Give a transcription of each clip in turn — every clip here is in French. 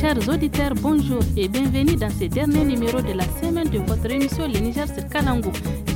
Chers auditeurs, bonjour et bienvenue dans ce dernier numéro de la semaine de votre émission Le Niger sur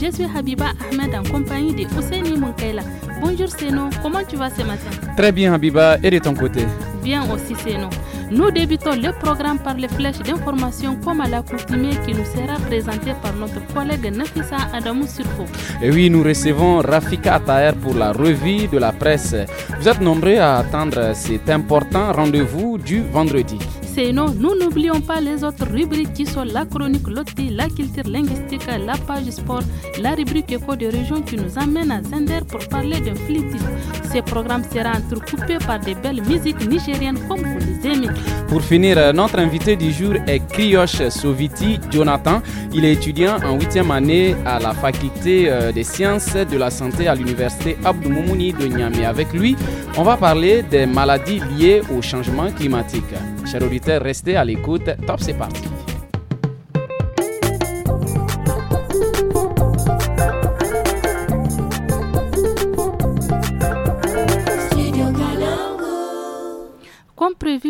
Je suis Habiba Ahmed en compagnie de Hussein Moukaila. Bonjour Seno, comment tu vas ce matin Très bien Habiba, et de ton côté Bien aussi Seno. Nous débutons le programme par les flèches d'information comme à l'accoutumée qui nous sera présentée par notre collègue Nafissa Adamou Surfo. Et oui, nous recevons Rafika Ataher pour la revue de la presse. Vous êtes nombreux à attendre cet important rendez-vous du vendredi. Sinon, nous n'oublions pas les autres rubriques qui sont la chronique loti, la culture linguistique, la page sport, la rubrique éco de région qui nous amène à Zender pour parler d'un flûtiste ce programme sera entrecoupé par des belles musiques nigériennes comme vous les aimez. Pour finir, euh, notre invité du jour est Krioche Soviti Jonathan. Il est étudiant en 8e année à la faculté euh, des sciences de la santé à l'université Abdou Moumouni de Niamey. Avec lui, on va parler des maladies liées au changement climatique. Chers auditeurs, restez à l'écoute. Top, c'est parti.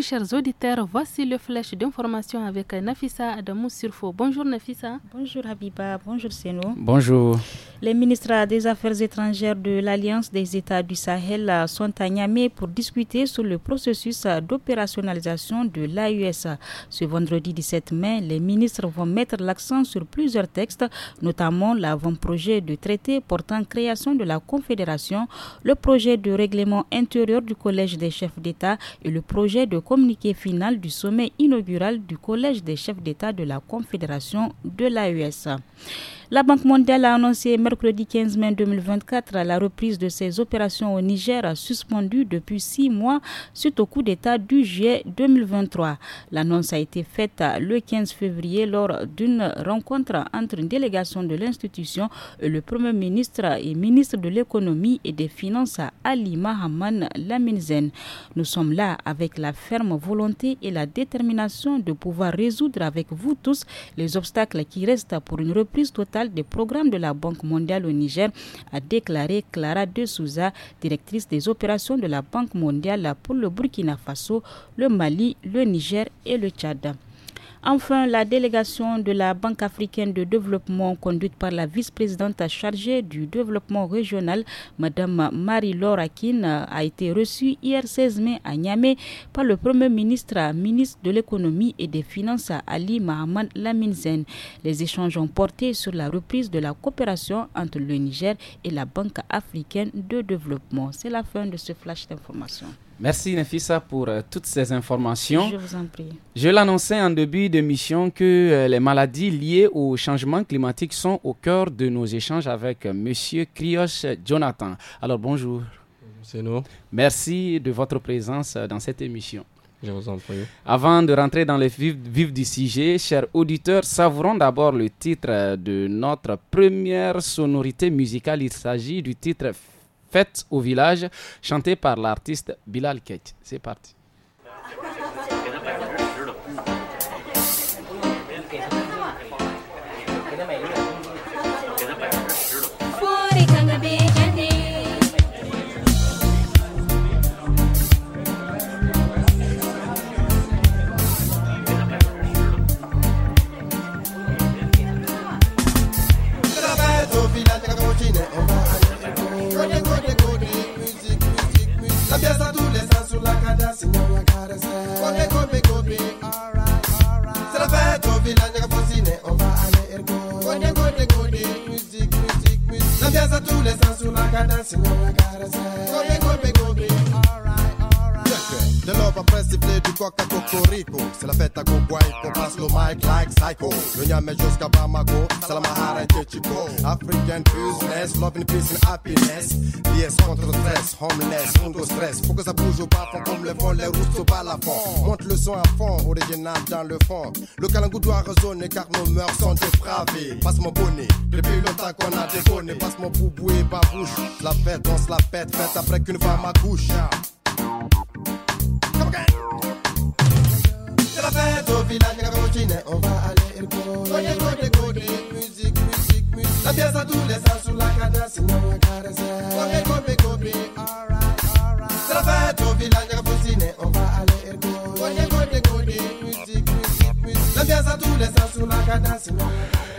chers auditeurs, voici le flèche d'information avec Nafisa Adamou Surfo. Bonjour Nafisa. Bonjour Habiba, bonjour Seno. Bonjour. Les ministres des Affaires étrangères de l'Alliance des États du Sahel sont à Niamey pour discuter sur le processus d'opérationnalisation de l'AUS. E Ce vendredi 17 mai, les ministres vont mettre l'accent sur plusieurs textes, notamment l'avant-projet de traité portant création de la Confédération, le projet de règlement intérieur du Collège des chefs d'État et le projet de communiqué final du sommet inaugural du Collège des chefs d'État de la Confédération de l'AES. La Banque mondiale a annoncé mercredi 15 mai 2024 la reprise de ses opérations au Niger suspendues depuis six mois suite au coup d'État du juillet 2023. L'annonce a été faite le 15 février lors d'une rencontre entre une délégation de l'institution et le Premier ministre et ministre de l'économie et des finances Ali Mahaman Laminzen. Nous sommes là avec la ferme volonté et la détermination de pouvoir résoudre avec vous tous les obstacles qui restent pour une reprise totale des programmes de la Banque mondiale au Niger, a déclaré Clara De Souza, directrice des opérations de la Banque mondiale pour le Burkina Faso, le Mali, le Niger et le Tchad. Enfin, la délégation de la Banque africaine de développement conduite par la vice-présidente chargée du développement régional, Madame Marie-Laure Akin, a été reçue hier 16 mai à Niamey par le Premier ministre, ministre de l'économie et des finances Ali Mahamad Laminzen. Les échanges ont porté sur la reprise de la coopération entre le Niger et la Banque africaine de développement. C'est la fin de ce flash d'information. Merci Nefissa pour euh, toutes ces informations. Je vous en prie. Je l'annonçais en début d'émission que euh, les maladies liées au changement climatique sont au cœur de nos échanges avec euh, Monsieur Krios Jonathan. Alors bonjour. C'est nous. Merci de votre présence dans cette émission. Je vous en prie. Avant de rentrer dans le vif du sujet, chers auditeurs, savourons d'abord le titre de notre première sonorité musicale. Il s'agit du titre fête au village, chantée par l'artiste Bilal Ketch. C'est parti. fussing, now you gotta say. Alright, alright. la fai Kobe, on va aller tous les sens sur la cadence, now you gotta say. The love impressively du coq à Cocorico. C'est la fête à boy, qu'on passe le mic like psycho. Le Niamey jusqu'à Bamako, Salamahara et Chico. African business, love in peace and happiness. Lies contre stress, homeless, contre stress. Faut que ça bouge au bas fond comme le vent, les rousses au bas Monte le son à fond, original dans le fond. Le calangou doit résonner car nos mœurs sont dépravées. Passe mon bonnet, depuis longtemps qu'on a déconné. Passe mon boubou et babouche. La fête, danse la fête, fête après qu'une femme accouche.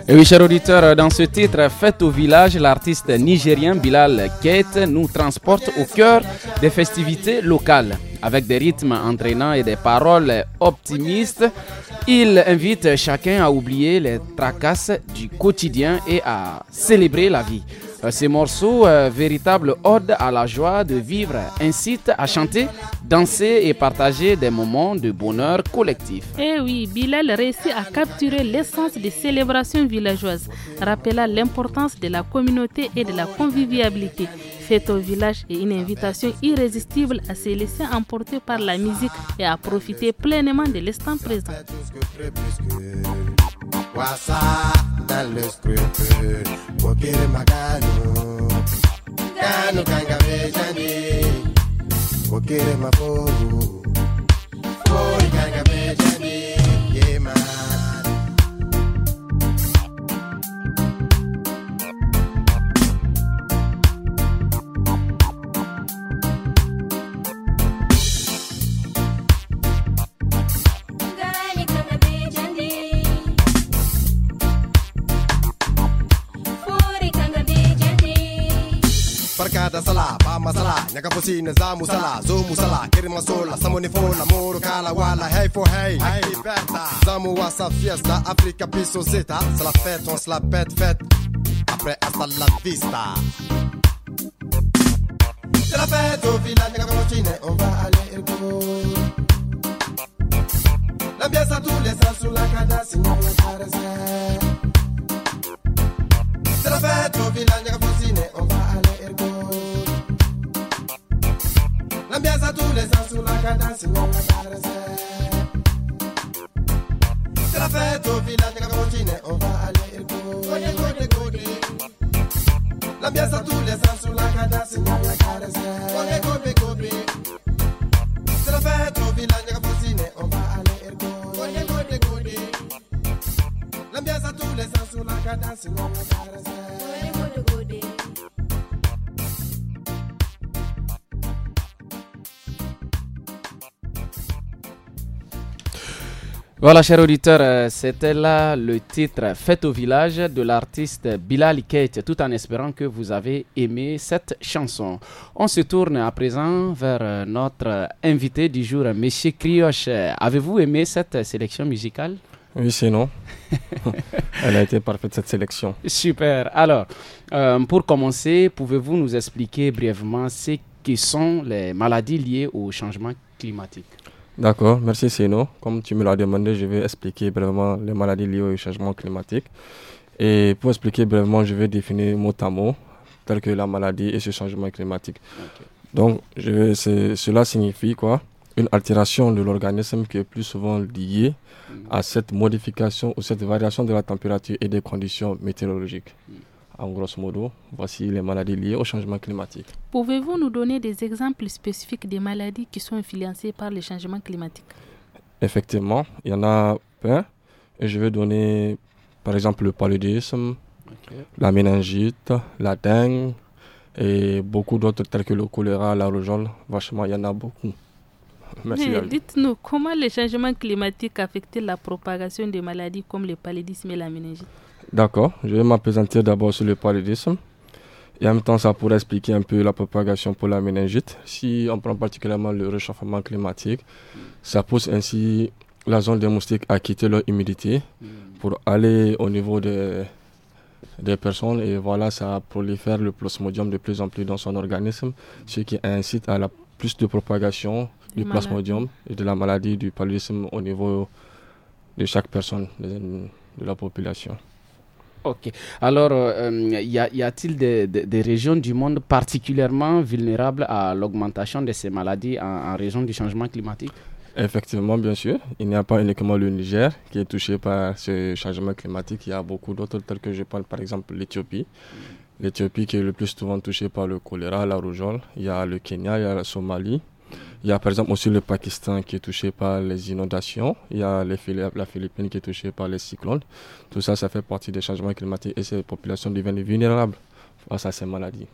Et oui, cher auditeur, dans ce titre Fête au village, l'artiste nigérien Bilal Kate nous transporte au cœur des festivités locales. Avec des rythmes entraînants et des paroles optimistes, il invite chacun à oublier les tracasses du quotidien et à célébrer la vie. Euh, ces morceaux, euh, véritable ode à la joie de vivre, incitent à chanter, danser et partager des moments de bonheur collectif. Eh oui, Bilal réussit à capturer l'essence des célébrations villageoises, rappelant l'importance de la communauté et de la convivialité. Fête au village est une invitation irrésistible à se laisser emporter par la musique et à profiter pleinement de l'instant présent. kanu kangabejani kokere maboru kori kangabejani barka da sala ba masala nyaga fosi na za musala zo musala kirin masola samo ne fola moro kala wala hey for hey hey beta zamu wasa fiesta africa piso zeta c'est la fête on se la pète fête après hasta la vista c'est la fête au village nyaga mochine on va aller ergo L'ambiance à tous les sens sous la cadence, sinon la caresse. C'est la fête au village, n'y a pas on va Dansa tous les ans sous la cadence, où on va La fête au village, la cantine. on va aller L'ambiance à tous les ans sous la cadence, où on va caresser. C'est la fête au village, la continue, on va aller L'ambiance à tous les ans sous la cadence, où on va caresser. Voilà, chers auditeurs, euh, c'était là le titre Fête au village de l'artiste Bilal Kate, tout en espérant que vous avez aimé cette chanson. On se tourne à présent vers euh, notre invité du jour, Monsieur Crioche. Avez-vous aimé cette sélection musicale oui, sinon. Elle a été parfaite cette sélection. Super. Alors, euh, pour commencer, pouvez-vous nous expliquer brièvement ce que sont les maladies liées au changement climatique D'accord, merci Sino. Comme tu me l'as demandé, je vais expliquer brièvement les maladies liées au changement climatique. Et pour expliquer brièvement, je vais définir mot à mot, tel que la maladie et ce changement climatique. Donc, cela signifie quoi Une altération de l'organisme qui est plus souvent liée mm. à cette modification ou cette variation de la température et des conditions météorologiques. Mm. En grosso modo, voici les maladies liées au changement climatique. Pouvez-vous nous donner des exemples spécifiques des maladies qui sont influencées par le changement climatique Effectivement, il y en a plein. Et je vais donner, par exemple, le paludisme, la méningite, la dengue et beaucoup d'autres tels que le choléra, la rougeole. Vachement, il y en a beaucoup. Eh, dites-nous, comment le changement climatique affecte la propagation des maladies comme le paludisme et la méningite D'accord, je vais m'apesantir d'abord sur le paludisme. Et en même temps, ça pourrait expliquer un peu la propagation pour la méningite. Si on prend particulièrement le réchauffement climatique, ça pousse ainsi la zone des moustiques à quitter leur humidité pour aller au niveau des, personnes. Et voilà, ça prolifère le plasmodium de plus en plus dans son organisme, ce qui incite à la plus de propagation du plasmodium et de la maladie du paludisme au niveau de chaque personne de la population. Ok. Alors, euh, euh, y a-t-il des, des, régions du monde particulièrement vulnérables à l'augmentation de ces maladies en, raison du changement climatique Effectivement, bien sûr. Il n'y a pas uniquement le Niger qui est touché par ce changement climatique. Il y a beaucoup d'autres, tels que je parle par exemple l'Éthiopie. L'Éthiopie qui est le plus souvent touchée par le choléra, la rougeole. Il y a le Kenya, il y a la Somalie, il y a par exemple aussi le Pakistan qui est touché par les inondations. Il y a les, la Philippine qui est touchée par les cyclones. Tout ça, ça fait partie des changements climatiques et ces populations deviennent vulnérables face à ces maladies.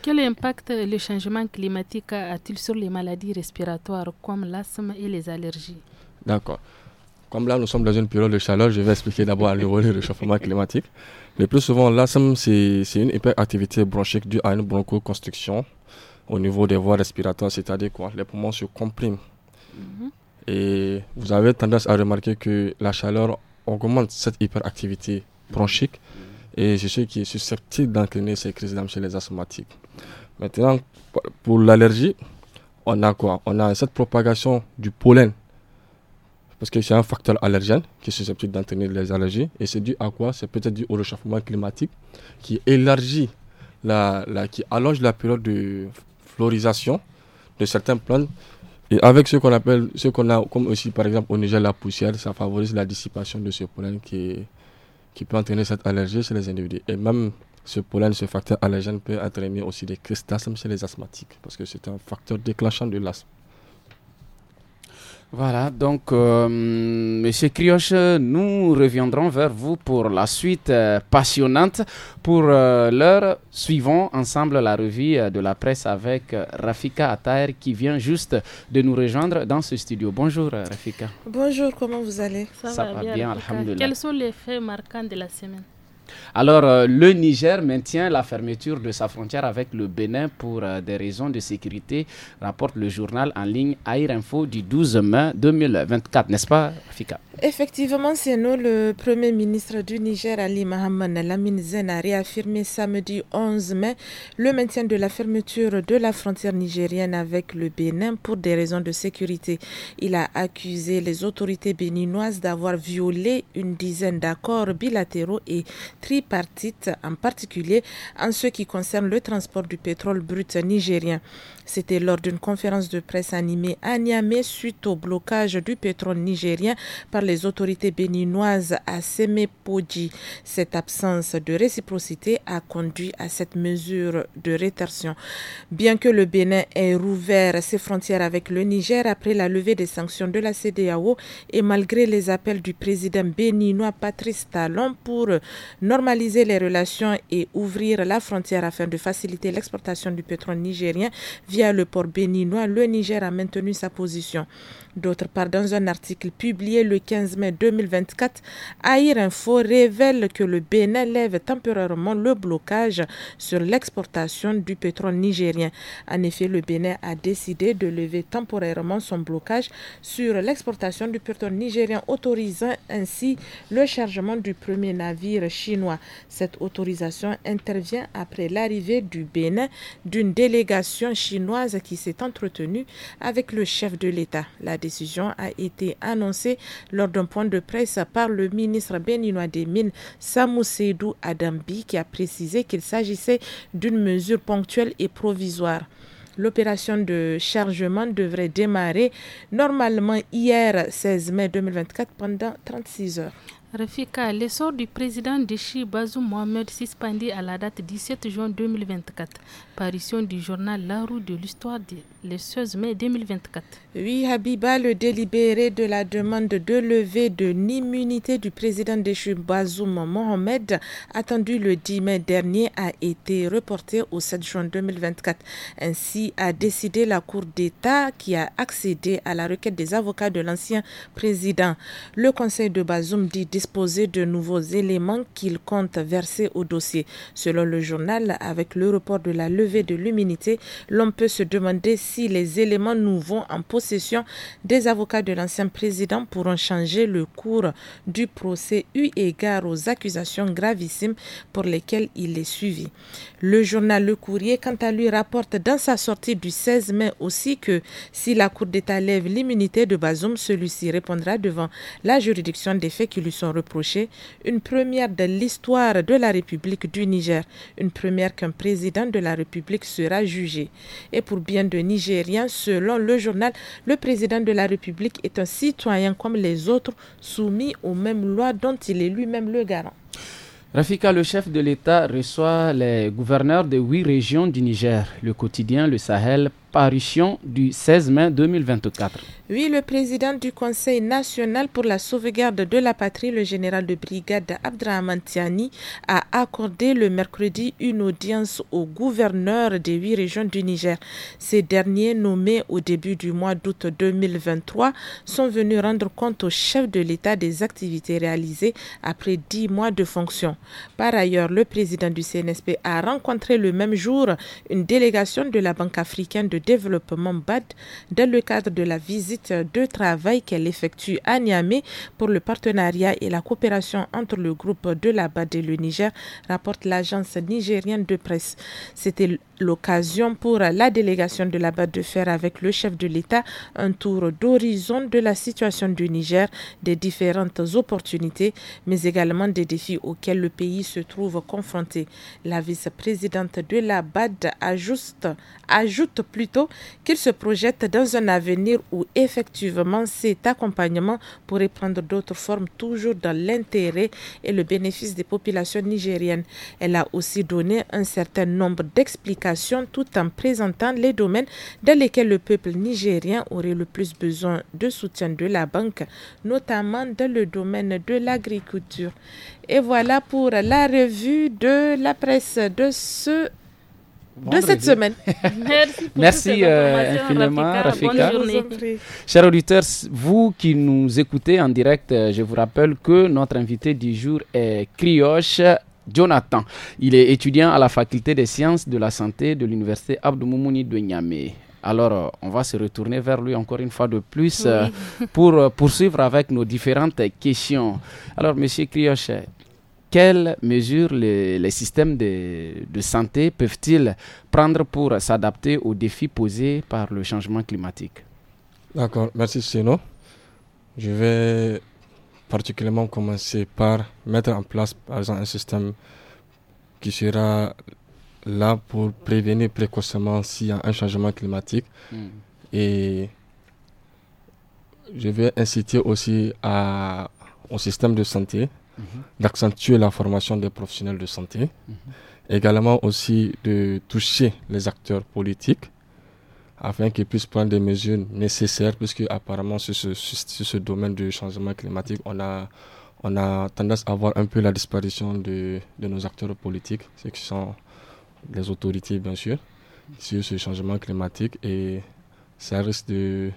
Quel impact le changement climatique a-t-il sur les maladies respiratoires comme l'asthme et les allergies D'accord. Comme là, nous sommes dans une période de chaleur, je vais expliquer d'abord le du réchauffement climatique. Le plus souvent, l'asthme, c'est une hyperactivité bronchique due à une bronchoconstriction au niveau des voies respiratoires, c'est-à-dire quoi Les poumons se compriment. Mhm. Et vous avez tendance à remarquer que la chaleur augmente cette hyperactivité bronchique mhm. et c'est ce qui est susceptible d'entraîner ces crises d'âme chez les asthmatiques. Maintenant, pour l'allergie, on a quoi On a cette propagation du pollen parce que c'est un facteur allergène qui est susceptible d'entraîner les allergies et c'est dû à quoi C'est peut-être dû au réchauffement climatique qui élargit la, la, qui allonge la période de florisation de certaines plantes. Et avec ce qu'on appelle, ce qu'on a comme aussi par exemple au Niger la poussière, ça favorise la dissipation de ce pollen qui, qui peut entraîner cette allergie chez les individus. Et même ce pollen, ce facteur allergène peut entraîner aussi des crustacés chez les asthmatiques parce que c'est un facteur déclenchant de l'asthme. Voilà, donc, M. Euh, Monsieur Crioche, nous reviendrons vers vous pour la suite euh, passionnante. Pour euh, l'heure, suivons ensemble la revue de la presse avec Rafika Ataer qui vient juste de nous rejoindre dans ce studio. Bonjour Rafika. Bonjour, comment vous allez Ça, va, bien, bien Quels sont les faits marquants de la semaine alors, euh, le Niger maintient la fermeture de sa frontière avec le Bénin pour euh, des raisons de sécurité, rapporte le journal en ligne Air Info du 12 mai 2024, n'est-ce pas, Fika Effectivement, c'est nous. Le Premier ministre du Niger, Ali Mohamed Lamine Zen, a réaffirmé samedi 11 mai le maintien de la fermeture de la frontière nigérienne avec le Bénin pour des raisons de sécurité. Il a accusé les autorités béninoises d'avoir violé une dizaine d'accords bilatéraux et tripartite, en particulier en ce qui concerne le transport du pétrole brut nigérien. C'était lors d'une conférence de presse animée à Niamey suite au blocage du pétrole nigérien par les autorités béninoises à Semepoji. Cette absence de réciprocité a conduit à cette mesure de rétorsion. Bien que le Bénin ait rouvert ses frontières avec le Niger après la levée des sanctions de la CDAO et malgré les appels du président béninois Patrice Talon pour normaliser les relations et ouvrir la frontière afin de faciliter l'exportation du pétrole nigérien via le port béninois, le Niger a maintenu sa position. D'autre part, dans un article publié le 15 mai 2024, Air Info révèle que le Bénin lève temporairement le blocage sur l'exportation du pétrole nigérien. En effet, le Bénin a décidé de lever temporairement son blocage sur l'exportation du pétrole nigérien, autorisant ainsi le chargement du premier navire chinois. Cette autorisation intervient après l'arrivée du Bénin d'une délégation chinoise qui s'est entretenue avec le chef de l'État. La décision a été annoncée lors d'un point de presse par le ministre béninois des Mines, Seydou Adambi, qui a précisé qu'il s'agissait d'une mesure ponctuelle et provisoire. L'opération de chargement devrait démarrer normalement hier 16 mai 2024 pendant 36 heures. Rafika, l'essor du président de Bazou Mohamed suspendu à la date 17 juin 2024 parution du journal La Roue de l'Histoire le 16 mai 2024. Oui, Habiba, le délibéré de la demande de levée de l'immunité du président déchu Bazoum Mohamed, attendu le 10 mai dernier, a été reporté au 7 juin 2024. Ainsi a décidé la Cour d'État qui a accédé à la requête des avocats de l'ancien président. Le Conseil de Bazoum dit disposer de nouveaux éléments qu'il compte verser au dossier. Selon le journal, avec le report de la levée, de l'humilité, l'on peut se demander si les éléments nouveaux en possession des avocats de l'ancien président pourront changer le cours du procès eu égard aux accusations gravissimes pour lesquelles il est suivi. Le journal Le Courrier, quant à lui, rapporte dans sa sortie du 16 mai aussi que si la Cour d'État lève l'immunité de Bazoum, celui-ci répondra devant la juridiction des faits qui lui sont reprochés, une première de l'histoire de la République du Niger, une première qu'un président de la République sera jugé. Et pour bien de Nigériens, selon le journal, le président de la République est un citoyen comme les autres, soumis aux mêmes lois dont il est lui-même le garant. Rafika, le chef de l'État, reçoit les gouverneurs de huit régions du Niger. Le quotidien Le Sahel, parution du 16 mai 2024. Oui, le président du Conseil national pour la sauvegarde de la patrie, le général de brigade Abdrahman Tiani, a accordé le mercredi une audience au gouverneur des huit régions du Niger. Ces derniers, nommés au début du mois d'août 2023, sont venus rendre compte au chef de l'État des activités réalisées après dix mois de fonction. Par ailleurs, le président du CNSP a rencontré le même jour une délégation de la Banque africaine de développement BAD dans le cadre de la visite de travail qu'elle effectue à Niamey pour le partenariat et la coopération entre le groupe de la BAD et le Niger, rapporte l'agence nigérienne de presse. C'était l'occasion pour la délégation de la BAD de faire avec le chef de l'État un tour d'horizon de la situation du Niger, des différentes opportunités, mais également des défis auxquels le pays se trouve confronté. La vice-présidente de la BAD ajoute, plutôt qu'il se projette dans un avenir où effectivement cet accompagnement pourrait prendre d'autres formes toujours dans l'intérêt et le bénéfice des populations nigériennes. Elle a aussi donné un certain nombre d'explications tout en présentant les domaines dans lesquels le peuple nigérien aurait le plus besoin de soutien de la banque, notamment dans le domaine de l'agriculture. Et voilà pour la revue de la presse de ce de cette semaine. Merci, infiniment, Rafika. Chers auditeurs, vous qui nous écoutez en direct, euh, je vous rappelle que notre invité du jour est Crioche Jonathan. Il est étudiant à la faculté des sciences de la santé de l'université Abdou Moumouni de Niamey. Alors, euh, on va se retourner vers lui encore une fois de plus euh, pour poursuivre avec nos différentes questions. Alors, Monsieur Crioche, quelles mesures les, systèmes de, santé peuvent-ils prendre pour s'adapter aux défis posés par le changement climatique D'accord, merci Sino. Je vais particulièrement commencer par mettre en place par exemple, un système qui sera là pour prévenir précocement s'il y a un changement climatique. Hmm. Et je vais inciter aussi au système de santé Mhm. d'accentuer la formation des professionnels de santé, mhm. également aussi de toucher les acteurs politiques afin qu'ils puissent prendre des mesures nécessaires, puisque apparemment sur ce, ce domaine du changement climatique, on a, on a tendance à voir un peu la disparition de, de nos acteurs politiques, ceux qui sont les autorités bien sûr, sur ce changement climatique, et ça risque de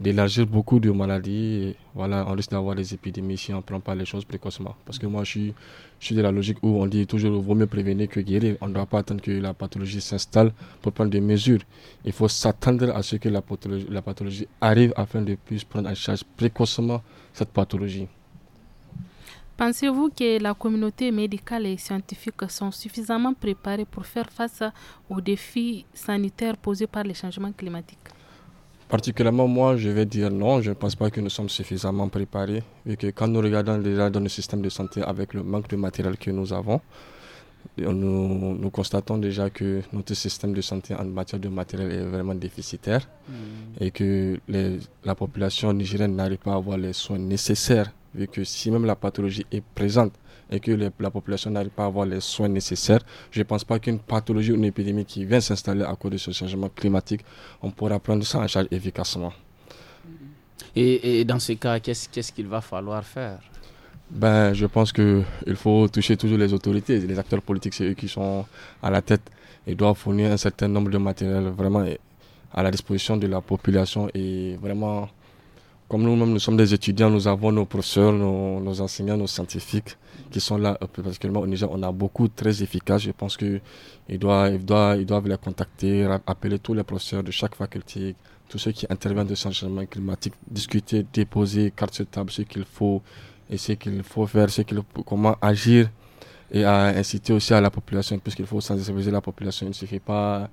d'élargir beaucoup de maladies. Et voilà, on risque d'avoir des épidémies si on ne prend pas les choses précocement. Parce que moi, je suis, je suis de la logique où on dit toujours vaut mieux prévenir que guérir. On ne doit pas attendre que la pathologie s'installe pour prendre des mesures. Il faut s'attendre à ce que la pathologie, la pathologie arrive afin de puisse prendre en charge précocement cette pathologie. Pensez-vous que la communauté médicale et scientifique sont suffisamment préparées pour faire face aux défis sanitaires posés par les changements climatiques Particulièrement, moi, je vais dire non. Je ne pense pas que nous sommes suffisamment préparés. Et que quand nous regardons déjà dans le système de santé avec le manque de matériel que nous avons, nous, constatons déjà que notre système de santé en matière de matériel est vraiment déficitaire hmm. et que la population nigérienne n'arrive pas à avoir les soins nécessaires vu que si même la pathologie est présente et que la population n'arrive pas à avoir les soins nécessaires, je ne pense pas qu'une pathologie ou une épidémie qui vient s'installer à cause de ce changement climatique, on pourra prendre ça en charge efficacement. Mm-hmm. Et, dans ce cas, qu'est-ce qu'il va falloir faire ben, je pense qu'il faut toucher toujours les autorités, les acteurs politiques, c'est eux qui sont à la tête. et doivent fournir un certain nombre de matériel vraiment à la disposition de la population et vraiment comme nous-mêmes, nous sommes des étudiants, nous avons nos professeurs, nos, enseignants, nos scientifiques qui sont là euh, particulièrement au Niger. On a beaucoup très efficaces. Je pense qu'ils doivent, ils les contacter, appeler tous les professeurs de chaque faculté, tous ceux qui interviennent de changement climatique, discuter, déposer carte sur table, ce qu'il faut et ce qu'il faut faire, ce qu'il, comment agir et inciter aussi à la population, puisqu'il faut sensibiliser la population. Il ne suffit pas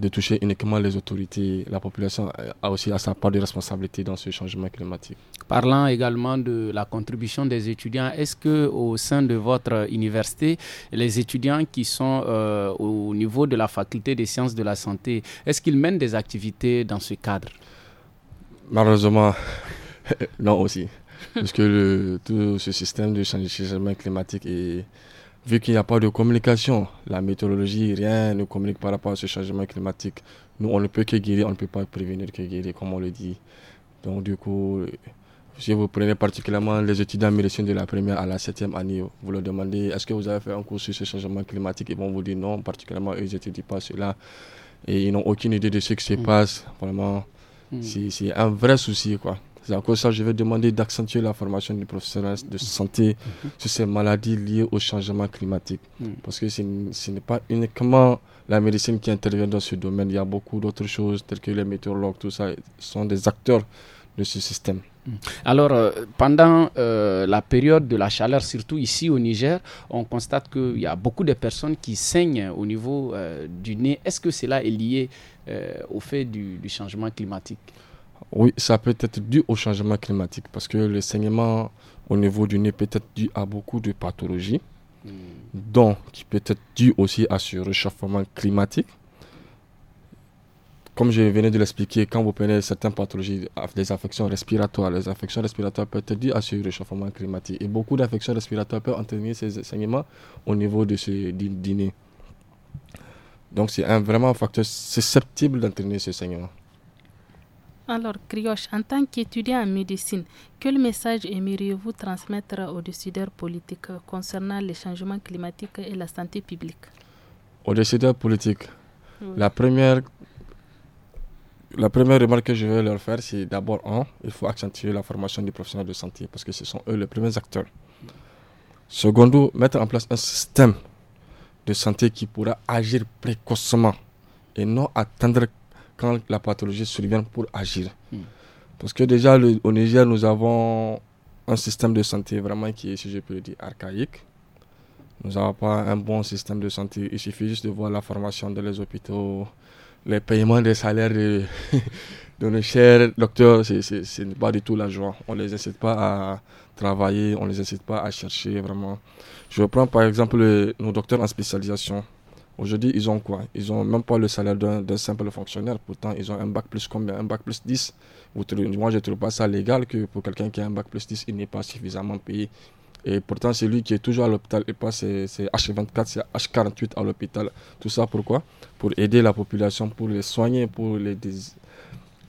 de toucher uniquement les autorités. La population euh, a aussi à sa part de responsabilité dans ce changement climatique. Parlant également de la contribution des étudiants, est-ce que au sein de votre université, les étudiants qui sont euh, au niveau de la faculté des sciences de la santé, est-ce qu'ils mènent des activités dans ce cadre Malheureusement, non aussi. Parce que le, tout ce système de changement climatique est vu qu'il n'y a pas de communication, la météorologie, rien ne communique par rapport à ce changement climatique. Nous, on ne peut que guérir, on ne peut pas prévenir que guérir, comme on le dit. Donc, du coup, si vous prenez particulièrement les étudiants en de la première à la septième année, vous leur demandez est-ce que vous avez fait un cours sur ce changement climatique Ils vont vous dire non, particulièrement ils n'étudient pas cela. Et ils n'ont aucune idée de ce qui se mm. passe. Vraiment, mm. c'est un vrai souci, quoi ça je vais demander d'accentuer la formation du professionnel de santé mhm. sur ces maladies liées au changement climatique. Mhm. Parce que ce n'est pas uniquement la médecine qui intervient dans ce domaine. Il y a beaucoup d'autres choses, telles que les météorologues, tout ça, sont des acteurs de ce système. Mhm. Alors, euh, pendant euh, la période de la chaleur, surtout ici au Niger, on constate qu'il y a beaucoup de personnes qui saignent au niveau euh, du nez. Est-ce que cela est lié au fait du changement climatique oui, ça peut être dû au changement climatique parce que le saignement au niveau du nez peut être dû à beaucoup de pathologies, hmm. dont qui peut être dû aussi à ce réchauffement climatique. Comme je venais de l'expliquer, quand vous prenez certaines pathologies, ah, des infections respiratoires, les infections respiratoires peuvent être dues à ce réchauffement climatique. Et beaucoup d'infections respiratoires peuvent entraîner ces saignements au niveau de ce dîner. Donc c'est un vraiment un facteur susceptible d'entraîner ce saignement. Alors, Crioche, en tant qu'étudiant en médecine, quel message aimeriez-vous transmettre aux décideurs politiques concernant les changements climatiques et la santé publique Aux décideurs politiques, la, première, la première remarque que je vais leur faire, c'est d'abord, un, il faut accentuer la formation des professionnels de santé parce que ce sont eux les premiers acteurs. Secondo, mettre en place un système de santé qui pourra agir précocement et non attendre quand la pathologie survient pour agir. Hmm. Parce que déjà, au Niger, nous avons un système de santé vraiment qui est, si je peux le dire, archaïque. Nous n'avons pas un bon système de santé. Il suffit juste de voir la formation dans les hôpitaux, les paiements des salaires de, nos chers docteurs. C'est n'est pas du tout la joie. On ne les incite pas à travailler, on ne les incite pas à chercher vraiment. Je prends par exemple nos docteurs en spécialisation. Aujourd'hui, ils ont quoi Ils n'ont même pas le salaire d'un simple fonctionnaire. Pourtant, ils ont un bac plus combien Un bac plus 10. moi, je ne trouve pas ça légal que pour quelqu'un qui a un bac plus 10, il n'est pas suffisamment payé. Et pourtant, c'est lui qui est toujours à l'hôpital et pas c'est H24, c'est H48 à l'hôpital. Tout ça pourquoi Pour aider la population, pour les soigner, pour les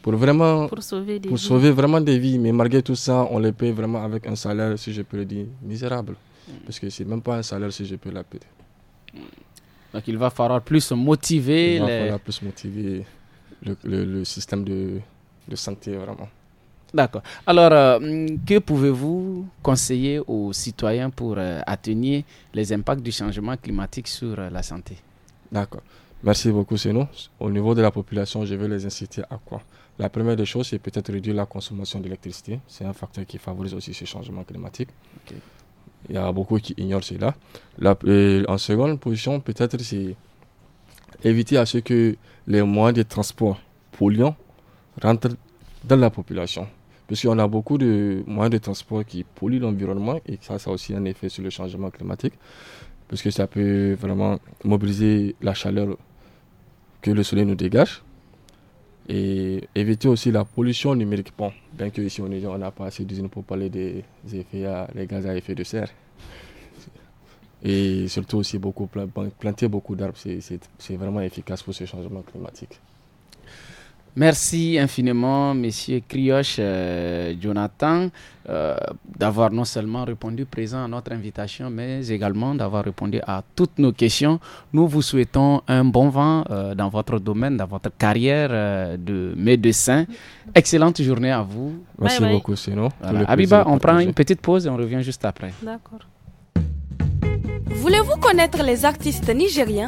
pour vraiment pour sauver, des pour sauver vraiment des vies. Mais malgré tout ça, on les paye vraiment avec un salaire, si je peux le dire, misérable. Mm. Parce que ce n'est même pas un salaire, si je peux l'appeler. Mm. Donc il va falloir plus motiver. plus motiver le, système de, santé vraiment. D'accord. Alors, euh, que pouvez-vous conseiller aux citoyens pour euh, atteindre les impacts du changement climatique sur euh, la santé D'accord. Merci beaucoup, Seno. Au niveau de la population, je vais les inciter à quoi La première des choses, c'est peut-être réduire la consommation d'électricité. C'est un facteur qui favorise aussi ce changement climatique. Il y a beaucoup qui ignorent cela. La, euh, en seconde position, peut-être, c'est éviter à ce que les moyens de transport polluants rentrent dans la population. Parce qu'on a beaucoup de moyens de transport qui polluent l'environnement et ça, ça a aussi un effet sur le changement climatique. Parce que ça peut vraiment mobiliser la chaleur que le soleil nous dégage et éviter aussi la pollution numérique. Bon, bien que ici on n'a pas assez d'usines pour parler des effets, gaz à effet de serre. Et surtout aussi beaucoup, planter beaucoup d'arbres, c'est vraiment efficace pour ce changement climatique. Merci infiniment, Monsieur Crioche euh, Jonathan, euh, d'avoir non seulement répondu présent à notre invitation, mais également d'avoir répondu à toutes nos questions. Nous vous souhaitons un bon vent euh, dans votre domaine, dans votre carrière de médecin. Excellente journée à vous. Merci beaucoup, sinon. Abiba, on prend une petite pause et on revient juste après. D'accord. Voulez-vous connaître les artistes nigériens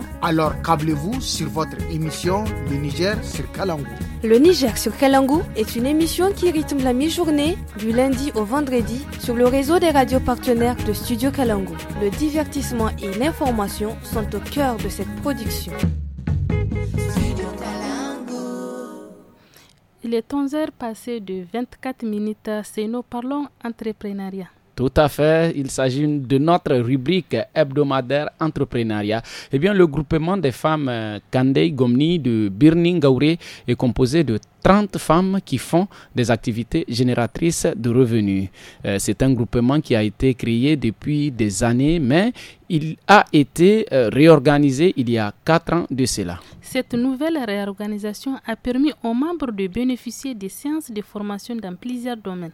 alors câblez-vous sur votre émission Le Niger sur Kalangou. Le Niger sur Kalangou est une émission qui rythme la mi-journée du lundi au vendredi sur le réseau des radios partenaires de Studio Kalangou. Le divertissement et l'information sont au cœur de cette production. Il est 11h passé de 24 minutes. C'est nous parlons entrepreneuriat. Tout à fait, il s'agit de notre rubrique hebdomadaire entrepreneuriat. Eh bien, le groupement des femmes euh, Kandei Gomni de Birning est composé de 30 femmes qui font des activités génératrices de revenus. Euh, c'est un groupement qui a été créé depuis des années, mais il a été euh, réorganisé il y a 4 ans de cela. Cette nouvelle réorganisation a permis aux membres de bénéficier des séances de formation dans plusieurs domaines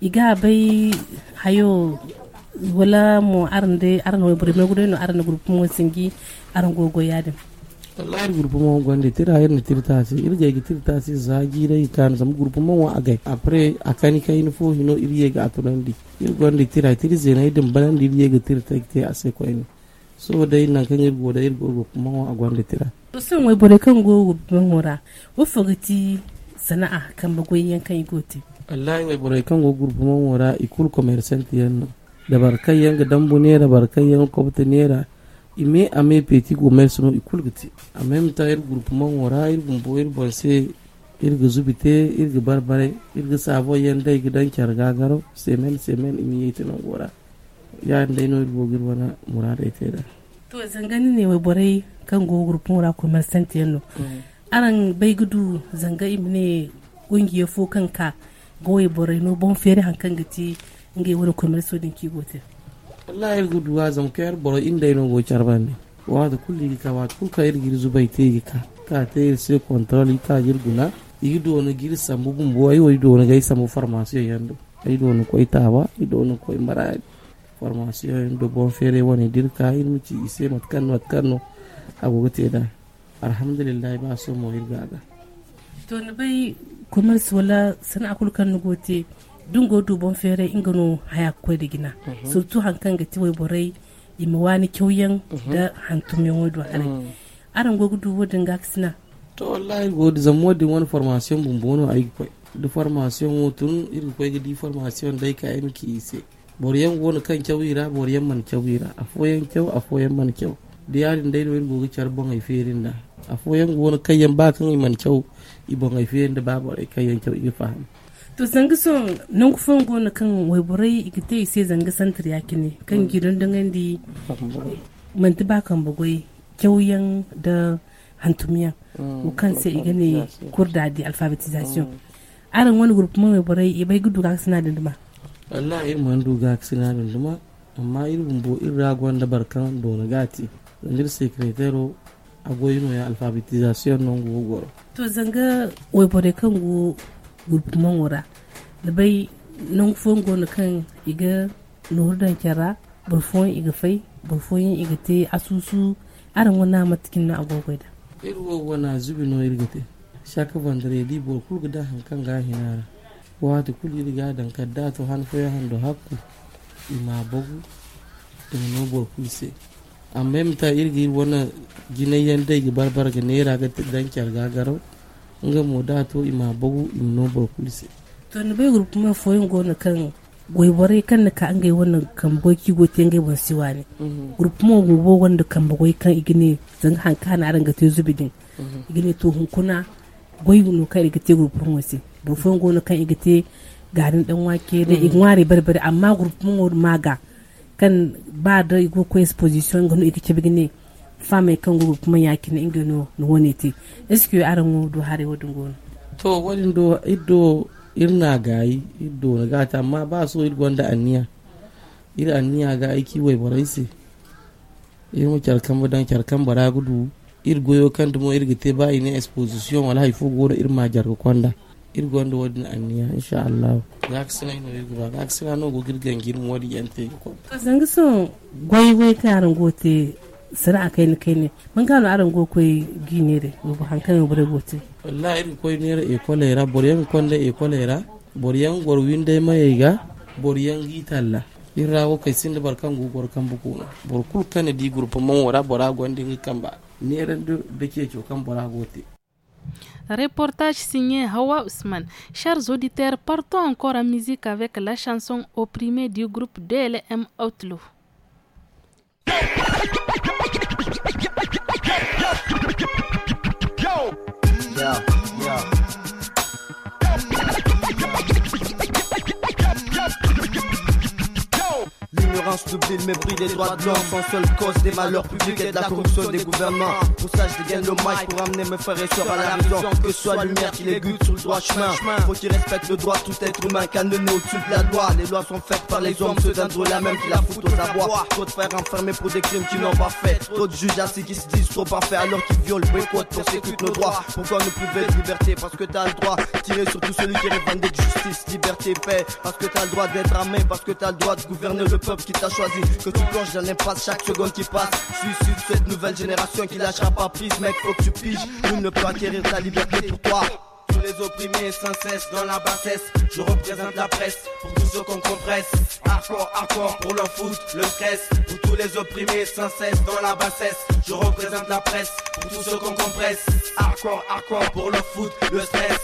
iga bai hayo wala mo arande arano burme gudo no arano grup mo singi aran gogo yadin wallahi grup mo gonde tira hayr tira tasi ir irje gi tirta si zagi dai kan sam grup mo wa agai apre akani kay ni fo hino irje ga atulandi ir gonde tira tiri zena idin balandi irje ga tirta te ase ko en so dai nan kan ir goda ir gogo mo wa gonde tira sun wai bore kan gogo ban hora wo fogati sana'a kan bagoyen kan igoti wallahi way k'an go groupe mo wara ikul commerçant yan da yan ga dambu nera barkay yanga kobte nera ime ame go commerce suno ikul gati a même temps ir groupe mo wara ir gumbo ir bonse ir ga zubite ir ga barbare ir ga sabo yanda ga dan kyar gagaro semen semen imi yiti nan wora ya dai no ir gogir wana murada ite da to zangani ne way k'an go groupe mo wora yan yanno mm. aran bai gudu zanga imne kungiyar fo kanka goye borai no bon fere hankan gati nge wani kumar so din kigote wallahi gudu wa zamkayar boro inda no go charbande wada da kulli ka wa kul ka irgir zubai tegi ka ka te se control ita jirguna yido wani giri sambu bumbu ayi wani do wani gai sambu farmasiyo yando ayi do wani koi tawa ayi do wani koi mara farmasiyo yando bon fere wani dirka mu ci ise matkan matkan agogo te da alhamdulillah ba so mo irgaga to ton bay commerce wala sana'a kulkan nugote dungo bon fere ingano haya kwai da gina mhm. surtu hankan ga tiwai borai ima wani kyauyen mhm. da hantum yan wadu hare mhm. aran gogu dubo ga kisina to wallahi godi zan zamo wani formation bumbono ai kwai da formation wutun irin kwai di formation dai ka miki ise boriyan gona kan kyawira boriyan man kyawira afoyan kyau afoyan man kyau da yarin dai da wani gogu charbon ai ferin da afoyan gona kayan ba kan man kyau ibon aife da babu a kai yanke ibi fahim to zanga son nan kufan gona kan waiburai yi sai zanga santar yaki ne mm. kan gidan dangan di manti ba kan bagoi kyauyen da hantumiyan kan sai igane kurda di alphabetization aran wani gurfuma waiburai ibai gudu ga suna da duma Allah irin man duga suna da duma amma irin bo irin ragon da barkan dona gati zanjir sekretero a goyi mai alfabetization non go to zanga wai bore kan go gurbin wura da bai nan fon go kan iga nuhurdan kyara burfon iga fai burfon yin iga te asusu arin wana matakin na agogo da irwo na zubi no irgate shaka bandare di bor kulga da hankan nara wata kuli riga dan kadda to han foya han do hakku ima da dum no bor kulse a même temps irgi wona guinéen daygi barbarga neeraga dancar ga garau nga mo da to ima bugu im no bor kulise to ne bai gurbu ma foyin na kan goibore kan ka an gai wannan kan boki gote ngai ban siwa ne mhm. gurbu ma gobo wanda kan bagoi kan igine zan hanka na ranga te zubidin mhm. igine to hunkuna goyi no kan igite gurbu wasi go na kan igite garin dan wake da mhm. igware barbare amma gurbu ma maga kan ba da igu ko exposition gano ce bigini fama e kan gugu kuma yakin ingano no wonete eske aran wo do hare wodun gono to wadin do ido irna gayi ido na gata ma ba so il gwanda aniya ir aniya ga aiki wai baraisi ir mu kyarkan badan kyarkan bara gudu iri goyo kan dumo iri gite ba ina exposition wala haifo goro irin ma jarga kwanda irgonde wodi aniya inchallah gaksina ino irguba gaksina no go girgan girin wodi yante ko to zanga so goyi ta karan gote sana kai ni kai ne mun gano aran go koy gine de go hankan bure gote wallahi irin koy ne e kolera boryan konde e kolera boryan gor winde mayiga boryan gitalla irra wo kai sinde barkan go gor kan buku bor kul kan di grupo mon bora gonde ngi kamba ne ran do ke kan bora gote Reportage signé Hawa Ousmane. Chers auditeurs, partons encore en musique avec la chanson opprimée du groupe DLM Outlaw. ignorance d'oubli le mépris des droits de l'homme Sans seule cause des malheurs publics et de la corruption des gouvernements Pour ça je dégaine le pour amener mes frères et soeurs à la maison Que soit lumière qui les sur le droit chemin Faut qu'ils respectent le droit tout être humain canonné au-dessus de la loi Les lois sont faites par les hommes, ceux d'un la même qui la foutent aux abois Trop de frères enfermés pour des crimes qu'ils n'ont pas fait Trop de juges ainsi qui se disent trop parfaits alors qu'ils violent, boycottent, persécutent nos droits Pourquoi nous priver de liberté Parce que t'as le droit tirer sur tout celui qui revendique justice, liberté, paix Parce que t'as le droit d'être armé, parce que t'as le droit de gouverner le peuple qui t'a choisi, que tu plonges dans l'impasse chaque seconde qui passe. suis de cette nouvelle génération qui lâchera pas prise, mec, faut que tu piges. Pour ne pas acquérir ta liberté pour toi tous les opprimés sans cesse dans la bassesse. Je représente la presse pour tous ceux qu'on compresse. Hardcore, hardcore pour le foot, le stress. Pour tous les opprimés sans cesse dans la bassesse. Je représente la presse pour tous ceux qu'on compresse. Hardcore, hardcore pour le foot, le stress.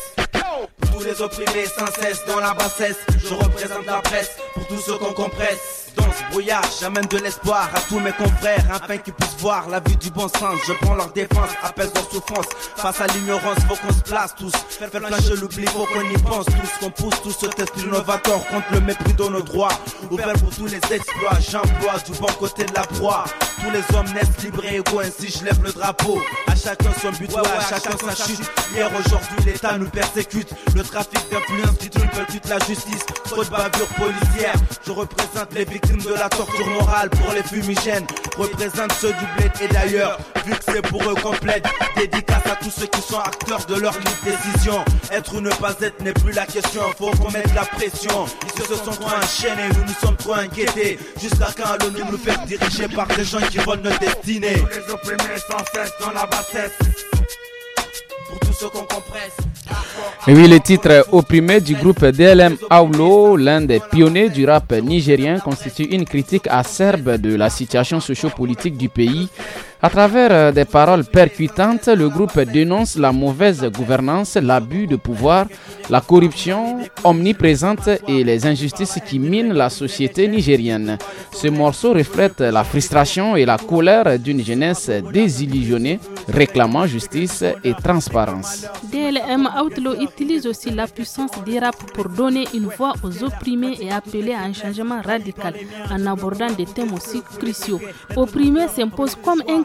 Pour tous les opprimés sans cesse dans la bassesse. Je représente la presse pour tous ceux qu'on compresse dans brouillard, j'amène de l'espoir à tous mes confrères, afin qu'ils puissent voir la vue du bon sens. Je prends leur défense, apaise leur souffrance. Face à l'ignorance, faut qu'on se place tous. Faire plein, je l'oublie, faut qu'on y pense tous. Qu'on pousse tous ce test innovateur contre le mépris de nos droits. Ouvert pour tous les exploits, j'emploie du bon côté de la proie. Tous les hommes naissent libres et égaux, ainsi je lève le drapeau. À chacun son but, à chacun sa chute. Hier, aujourd'hui, l'État nous persécute. Le trafic d'influence qui truc toute la justice. Trop bavure policière, je représente les victimes de la torture morale pour les fumigènes représente ceux du et d'ailleurs, vu que c'est pour eux complète, dédicace à tous ceux qui sont acteurs de leur libre décision. Être ou ne pas être n'est plus la question, faut qu'on mette la pression. Ils se sont trop enchaînés, nous nous sommes trop inquiétés. Jusqu'à quand allons-nous nous faire diriger par des gens qui volent notre destinée Pour les opprimés sans cesse dans la bassesse, pour tous ceux qu'on compresse oui, le titre opprimé du groupe DLM Aulo, l'un des pionniers du rap nigérien, constitue une critique acerbe de la situation sociopolitique du pays, à travers euh, des paroles percutantes, le groupe dénonce la mauvaise gouvernance, l'abus de pouvoir, la corruption omniprésente et les injustices qui minent la société nigérienne. Ce morceau reflète la frustration et la colère d'une jeunesse désillusionnée réclamant justice et transparence. DLM Outlaw utilise aussi la puissance des rap pour donner une voix aux opprimés et appeler à un changement radical en abordant des thèmes aussi cruciaux. Opprimés s'impose comme un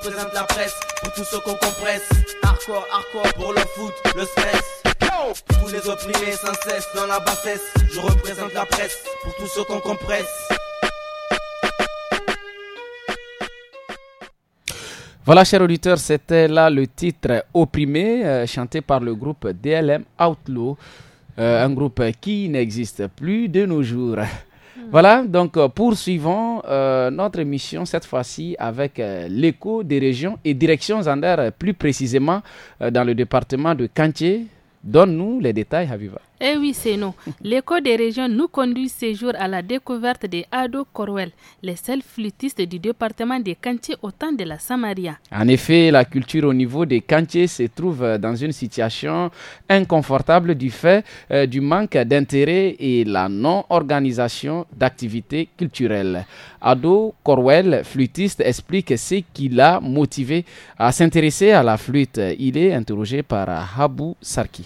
représente la presse pour tous ceux qu'on compresse. Hardcore, hardcore pour le foot, le stress. Tous les opprimés sans cesse dans la bassesse. Je représente la presse pour tous ceux qu'on compresse. Voilà, chers auditeurs, c'était là le titre Opprimé, euh, chanté par le groupe DLM Outlaw, euh, un groupe qui n'existe plus de nos jours. Voilà, donc euh, poursuivons euh, notre émission cette fois-ci avec euh, l'écho des régions et en Zander, plus précisément dans le département de Cantier. Donne-nous les détails, Haviva. Eh oui, c'est nous. L'écho des régions nous conduit ces jours à la découverte de Ado Corwell, les seul flûtiste du département des Cantiers au temps de la Samaria. En effet, la culture au niveau des Cantiers se trouve dans une situation inconfortable du fait euh, du manque d'intérêt et la non-organisation d'activités culturelles. Ado Corwell, flûtiste, explique ce qui l'a motivé à s'intéresser à la flûte. Il est interrogé par Habou Sarki.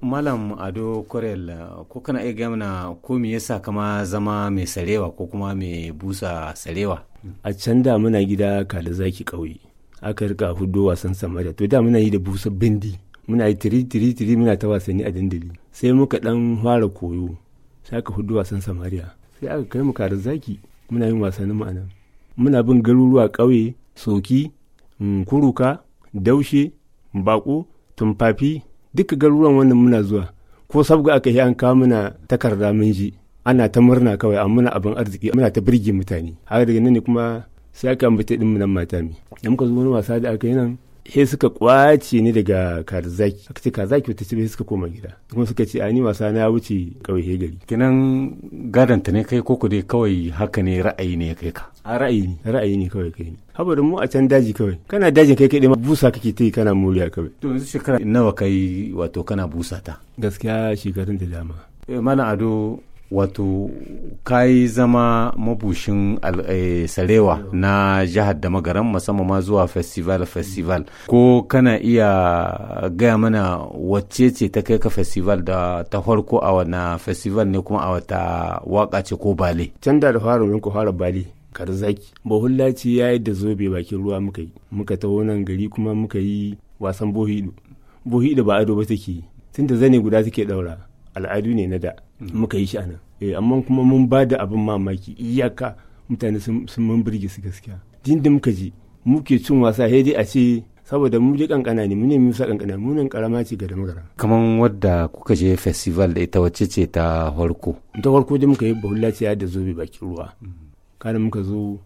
Malam Ado Korel ko kana iya gamna ko me yasa kama zama mai sarewa ko kuma mai busa sarewa? A can da muna gida kada zaki kauye, aka rika hudo wasan samariya to da muna yi da busa bindi muna yi tiri tiri tiri muna ta wasanni a dandali sai muka dan fara koyo sai aka hudo wasan samariya sai aka kai mu kada zaki muna yin wasannin mu anan muna bin garuruwa kauye. soki mm, kuruka daushe bako tumfafi duka garuruwan wannan muna zuwa ko sabga aka yi an kawo muna takarda mun ji ana ta murna kawai amma muna abin arziki muna ta birge mutane har daga nan ne kuma sai aka ambata din nan mata mi da muka zo wani wasa da aka yi nan he suka kwace ni daga Karzaki aka ce Karzaki wata ce suka koma gida kuma suka ce ani wasa na wuce kawai he gari kinan gadan ta ne kai koko dai kawai haka ne ra'ayi ne kai ka a ra'ayi ne ra'ayi ne kawai kai ne habarin mu a can daji kawai kana dajin kai kai busa kake ta yi kana muriya kawai to yanzu shekara nawa kai wato kana busa ta gaskiya shekarun da dama eh, mana ado wato kayi zama mabushin eh, sarewa na jihar da magaran musamman ma zuwa festival festival ko kana iya gaya mana wacce ce ta kai ka festival da ta farko a wannan festival ne kuma a wata waka ce ko bale can da da fara ku fara bale karzaki bahulla ce ya yi da zobe bakin ruwa muka yi muka taho nan gari kuma muka yi wasan bohido bohido ba ado ba take tunda zane guda take daura al'adu ne na da muka yi shi anan eh, amma kuma mun ba da abin mamaki iyaka mutane sun mun birge su gaskiya din da muka je muke cin wasa sai dai a ce saboda mu je kankana ne mu ne musa kankana mu nan karama ce ga da magara kaman wadda kuka je festival da ita wacce ce ta farko ta farko da muka yi bahulla ce da zobe baki ruwa kana muka zo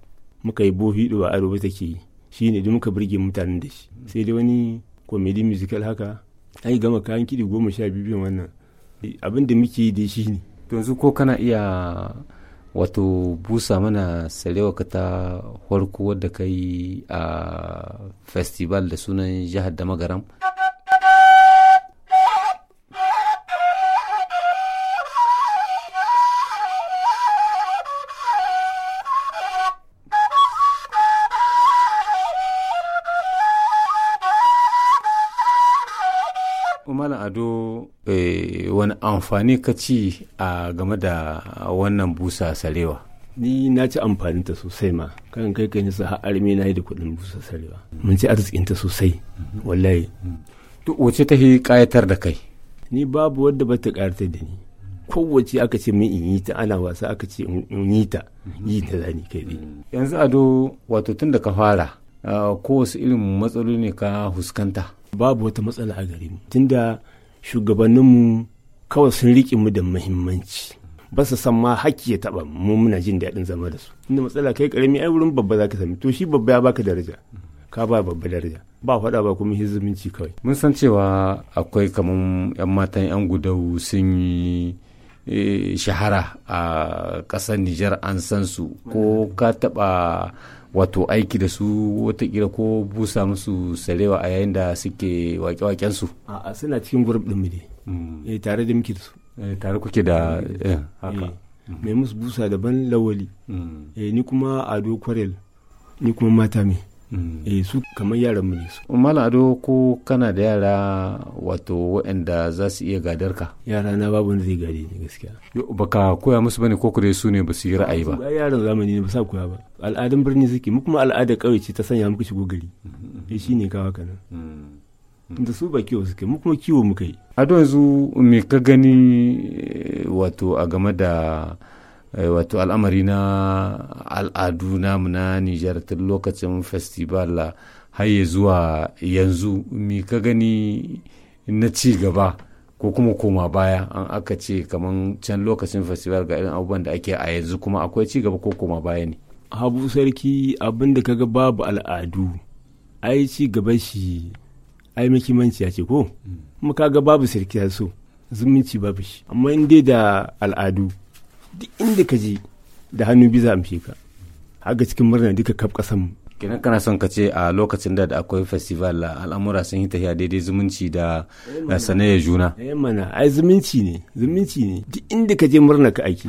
muka yi bofi da aro ba take yi shine da muka birge mutanen da shi sai dai wani comedy musical haka ai gama kayan kiɗi goma sha biyu wannan abin da muke da shi ne yanzu ko kana iya wato busa mana ka ta farko wadda yi a festival da sunan jihar da magaram wani amfani ka ci a game da wannan busa sarewa ni na ci amfanin ta sosai ma kan kai kan yasa har armi na yi da kuɗin busa sarewa mun ci arzikin ta sosai wallahi duk wace ta kayatar da kai ni babu wadda ba ta kayatar da ni kowace aka ce min in yi ta ana wasa aka ce in yi ta yi ta zani kai dai yanzu ado wato tun da ka fara wasu irin matsaloli ne ka fuskanta. babu wata matsala a gare mu tunda shugabanninmu kawai sun riƙe mu da muhimmanci ba su san ma haƙƙi ya taɓa mu muna jin daɗin zama da su inda matsala kai ƙarami ai wurin babba za ka sami to shi babba ya baka daraja ka ba babba daraja ba faɗa ba kuma hiziminci kawai. mun san cewa akwai kamar 'yan matan 'yan gudau sun yi e, shahara a ƙasar Nijar an san su ko ka taɓa wato aiki da su watakila ko busa musu sarewa a yayin da suke wake-waken su. A'a suna cikin gurbin ɗin ne. Mm. eh tare da muke da su eh, tare kuke da eh, haka eh, mm-hmm. mai musu busa daban lawali mm. eh ni kuma ado kwarel ni kuma mata me mm. eh su kamar yaran mu ne su um, malam ado ko kana da yara wato waɗanda za su iya gadar ka yara na babu wanda zai gade ni gaskiya baka koya musu bane ko kure su ne ba su yi ra'ayi ba yaran zamani ne ba sa koya ba al'adun birni suke mu kuma al'adar kawai ce ta sanya muku shigo gari mm-hmm. eh shine kawa kana da su ba kiwo suke mu kuma kiwo muka yi a yanzu me ka gani eh, wato a game da eh, wato al'amari na al'adu namu na Nijar tun lokacin festival har ya zuwa yanzu me ka gani na ci gaba ko kuma koma baya an aka ce kamar can lokacin festival ga irin abubuwan da ake a yanzu kuma akwai ci gaba ko koma baya ne habu sarki abin da kaga babu al'adu ai ci gaba shi ai muhimmanci ya ce ko kuma kaga babu sarki ya so zumunci babu shi amma in dai da al'adu duk inda ka je da hannu biza amshe ka haka cikin murna duka kaf kasan mu kenan kana son ka ce a lokacin da akwai festival al'amura sun yi tafiya daidai zumunci da eh sanayyar juna eh ai zumunci ne zumunci ne duk inda ka je murna ka ake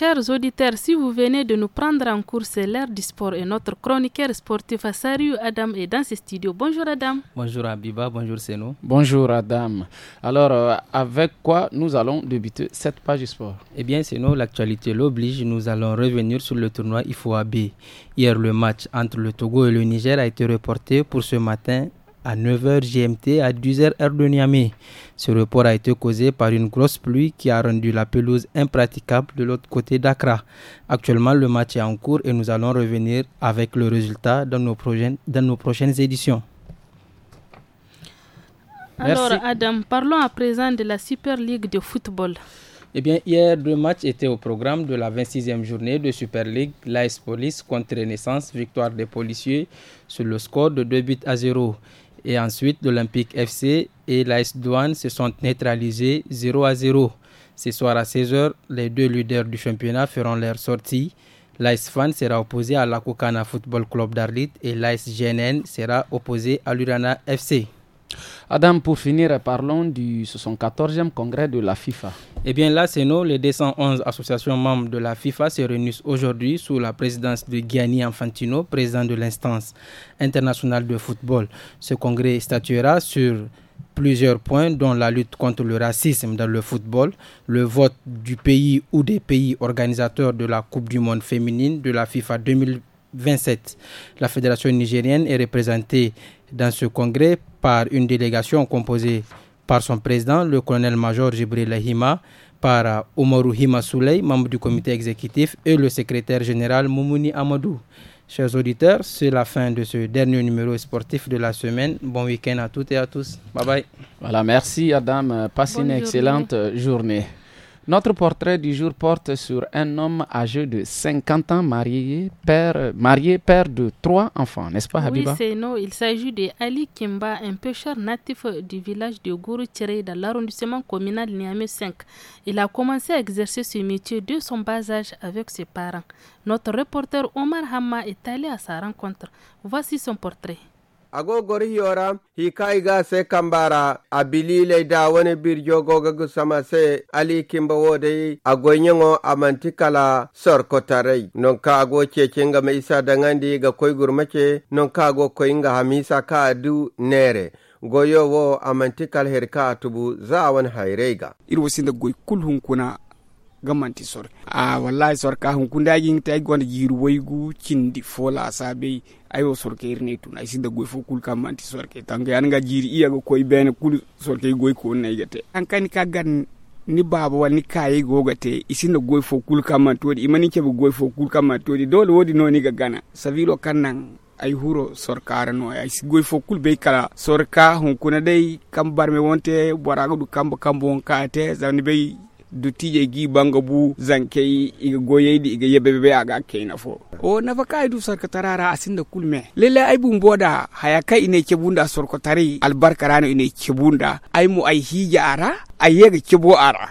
Chers auditeurs, si vous venez de nous prendre en cours, c'est l'ère du sport et notre chroniqueur sportif Assariu Adam est dans ses studios. Bonjour Adam. Bonjour Abiba, bonjour Seno. Bonjour Adam. Alors, euh, avec quoi nous allons débuter cette page du sport Eh bien Seno, l'actualité l'oblige, nous allons revenir sur le tournoi IFOAB. Hier, le match entre le Togo et le Niger a été reporté pour ce matin à 9h GMT à 12 h heure de Niamey. Ce report a été causé par une grosse pluie qui a rendu la pelouse impraticable de l'autre côté d'Accra. Actuellement, le match est en cours et nous allons revenir avec le résultat dans nos prochaines, éditions. Alors Adam, parlons à présent de la Super League de football. Eh bien, hier, deux matchs étaient au programme de la 26e journée de Super League. L'AS Police contre Renaissance, victoire des policiers sur le score de 2 buts à 0. Et ensuite, l'Olympique FC et l'Ice Douane se sont neutralisés 0 à 0. Ce soir à 16h, les deux leaders du championnat feront leur sortie. L'ICE Fan sera opposé à l'Akokana Football Club d'Arlit et l'ICE GNN sera opposé à l'Urana FC. Adam, pour finir, parlons du 74e congrès de la FIFA. Eh bien là, c'est nous, les 211 associations membres de la FIFA se réunissent aujourd'hui sous la présidence de Gianni Infantino, président de l'instance internationale de football. Ce congrès statuera sur plusieurs points, dont la lutte contre le racisme dans le football, le vote du pays ou des pays organisateurs de la Coupe du Monde féminine de la FIFA 2027. La fédération nigérienne est représentée dans ce congrès par une délégation composée par son président, le colonel-major Jibril Hima, par Omaru Hima Souley, membre du comité exécutif, et le secrétaire général Moumouni Amadou. Chers auditeurs, c'est la fin de ce dernier numéro sportif de la semaine. Bon week-end à toutes et à tous. Bye bye. Voilà, merci Adam. Passez une excellente euh, journée. Notre portrait du jour porte sur un homme âgé de 50 ans, marié, père, marié, père de trois enfants, n'est-ce pas, Habiba Oui, c'est nous. Il s'agit de Ali Kimba, un pêcheur natif du village de Tiré dans l'arrondissement communal Niamey 5. Il a commencé à exercer ce métier de son bas âge avec ses parents. Notre reporter Omar Hamma est allé à sa rencontre. Voici son portrait. agogor hiyora hikaiga se kambara abilile da wani birjogogagu sama se ali kimba wodai agonyengo amantikala non ka ago cecenga ma isa dangandi ga koigur mace ka ago nga hamisa ka adu nere goyo wo amantikal herka tubu za wani hairega irwasinda goy kulhun kuna gamanti sor a ah, wallahi sor ka hun kundagin ta gonda jiru waygu cindi fola sabe ayo sor ke irne tun ay sida goy fo kul kam manti sor ke tanga yan ga jiri iya go koy ben kul sor ke goy ko nay gate an kan ka gan ni baba wal ni kayi go gate isinda goy fo kul kam man imani ke goy fo kul kam man dole wodi no ni ga gana savilo kannan ay huro sorkara no ay sigoy fo kul be kala sorka hun kuna kam barme wonte borago kambo kambo on kaate zawni be dutije gi banga bu zankei iga goyeydi iga yebebebe aga keina fo o nafa kai du sarka tarara asinda kulme lele ai bun boda haya kai ine kebunda sorko tari albarka rano ine kebunda ai mu ai hija ara ai yega kebo ara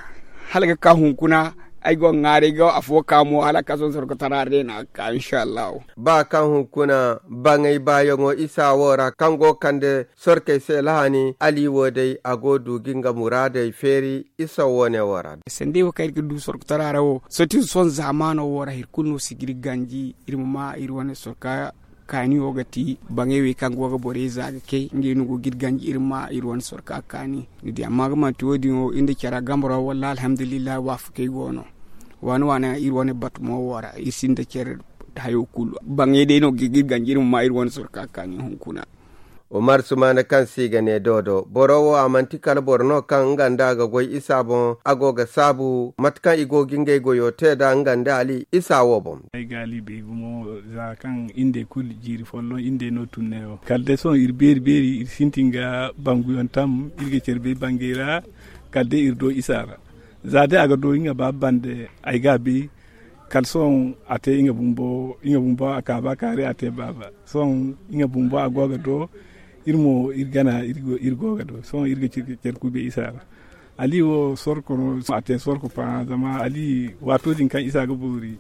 halga ka hunkuna aigon ngari go afu kamu ala kaso sorko tarare na ka inshallah ba kan hukuna bangai ngo isa wora kango kande sorke se lahani ali wode agodu ginga murade feri isa wone wora sende wo kayr du sorko tarare wo soti son zamano wora hir sigiri ganji irma irwane sorka kani wogati wi kan goga bore zaga ke ngi nugo ganji irma irwon sorka kani ndi amma ma todi o inde kera gambara walla alhamdulillah wa fuke gono wani wana bat mo wara isinde kere hayo kul bange de no ganji irma irwon sorka kani hunkuna umar sumana kan sigane dodo borowo amanti kala borno kan nganda ga goy isabo agoga sabu matkan igo ginge goyo teda nganda ali isawo bom ay gali be mo za kan inde kul jiri follo inde no tunneyo kalde son irberi beri ir sintinga bangu yon tam irge cerbe bangira kalde irdo isara zade aga do inga babande ay gabi kalson ate inga bumbo inga bumbo akaba kare ate baba son inga bumbo agoga do irmo irgana irgo irgoga ɗo so cer cerkuɓe isara ali o sorko aten sorko paradama ali watojin kan isaga ɓuri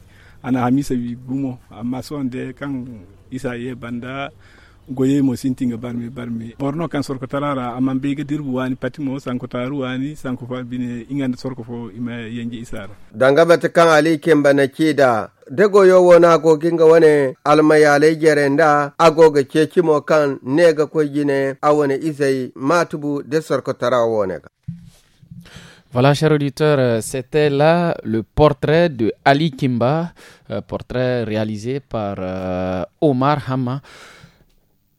ana hamisa wi gumo amma de kan isa ye banda goyeymo sintinga barmi barmi ɓorno kan sorko tarara amma mbeyga dirbu wani patimo sanko taru wani sanko fa bine ingande sorko fo ima yenji isara dangabata kan ali kemba na degoyo wona goginga wane almayalay jerenda agoga cecimo kan nega jine awone isey matubu de sorko tara wonega Voilà, chers auditeurs, c'était là le portrait de Ali Kimba, euh, portrait réalisé par euh, Omar Hama.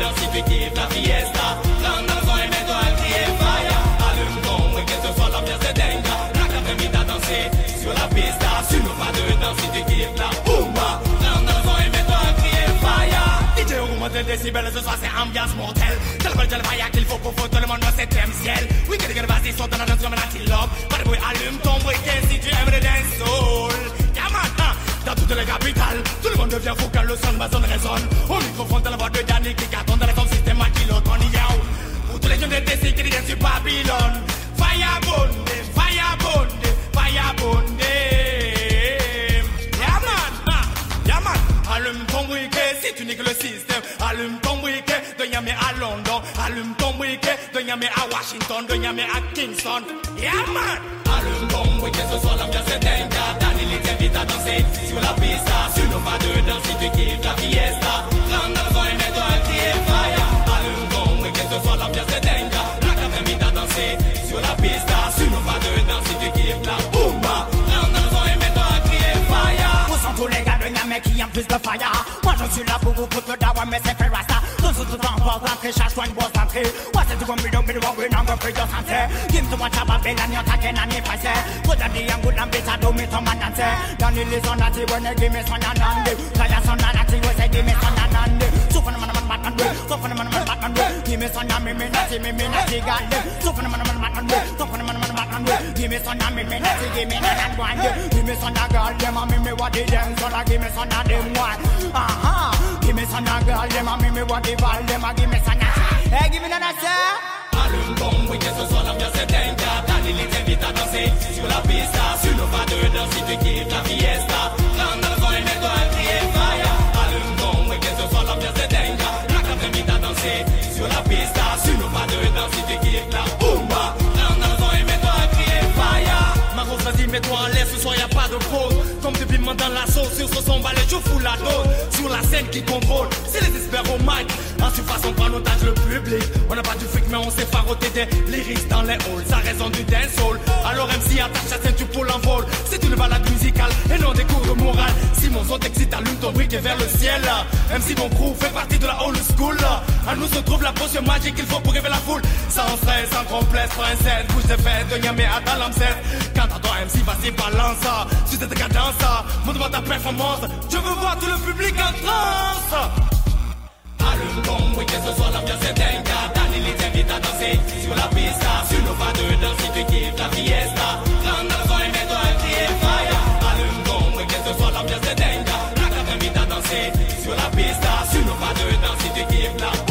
diversifié la fiesta. Rentre dans un mets-toi un crier fire. Allume ton que ce soit l'ambiance de dingue. La après-midi à danser sur la piste. Sur le pas de danse si tu kiffes la boumba. Rentre dans un mets-toi un crier fire. DJ au moins de décibels, ce soir c'est ambiance mortelle. Tel bel tel vaillard qu'il faut pour faire tout le monde dans septième ciel. Oui, que de vas-y, saute dans la danse comme un antilope. Pas de bruit, allume ton briquet si tu aimes le dance soul toutes les capitales. Tout le monde devient fou quand le son de ma zone résonne. Au microphone de la voix de Danny qui cartonne dans les maquillot. système qui a où tous les jeunes de DC qui viennent sur Babylone. Firebonde, firebonde, firebonde. Yaman, yaman. Allume ton briquet si tu niques le système. Allume ton briquet de moi à London. Allume ton briquet de moi à Washington, de moi à Kingston. Yaman. Allume que ce soir l'ambiance est dingue Dan il est invite à danser sur la pista Sur nos pas de danse si tu kiffes la fiesta fist the fire. Moi je suis là pour vous pour te dawa mais c'est fait rasta. Dans ce temps pour rentrer chaque soin pour rentrer. Moi c'est du bon million million oui non mais plus de santé. Kim tu vois chaba bella ni otake na ni passe. Put on the angle and beta do me to man dance. Down the listen that you when give me son and and. Kaya son and that you say give me son and and. So for man man Batman way. So for man man Batman way. Give me son and me me na me me na tigande. So for man man Batman way. So for man man understand you. Give me me, me me me me me me me me me me ce que à danser sur la pista. Sur nos pas de danse, si tu kiffes la fiesta. dans le mets un fire. Allume ce que La à danser sur la pista. me doa lesu, soy de por rapidement dans la sauce. Sur son balai, je fous la dose. Sur la scène qui contrôle, c'est les experts au mic. En surface, on prend le public. On n'a pas du fric, mais on s'est faroté des lyrics dans les halls. Ça raison du dancehall. Alors MC attache la ceinture pour vol C'est une balade musicale et non des cours de morale. Si mon son t'excite, allume ton briquet vers le ciel. MC mon crew fait partie de la old school. À nous se trouve la potion magique qu'il faut pour rêver la foule. Sans stress, sans complexe, princesse. Bouge de fête, de Niamey à ta Quand à toi MC, vas-y, balance. Suis cette cadence. Monde moi ta performance. Je veux voir tout le public en transe. Allume ton oui, que ce soit l'ambiance est dingue. Dani les invite à danser sur la piste. Sur nos pas de danse, si tu kiffes la fiesta. Rentre dans son et mets-toi un cri et fire. Allume qu'est oui, que ce soit l'ambiance est dingue. La t'invite à danser sur la piste. Sur nos pas de danse, si tu kiffes la fiesta.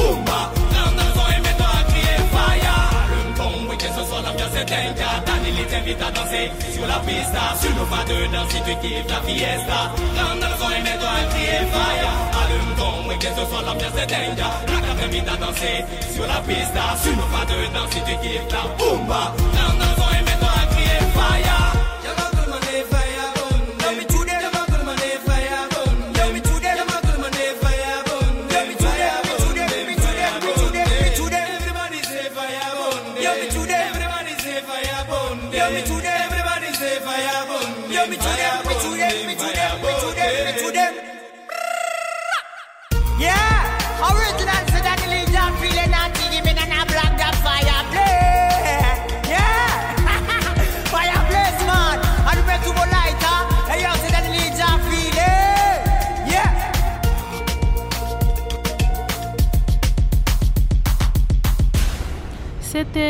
Certains gardent les invitent à danser sur la piste, sur nos pas de danse, si tu kiffes la fiesta. Rentre dans le son et mets-toi un crier fire. Allume ton ce que ce soit l'ambiance est dingue. Gardent les à danser sur la piste, sur nos pas de danse, si tu kiffes la boomba. Rentre dans le son et mets-toi un crier fire.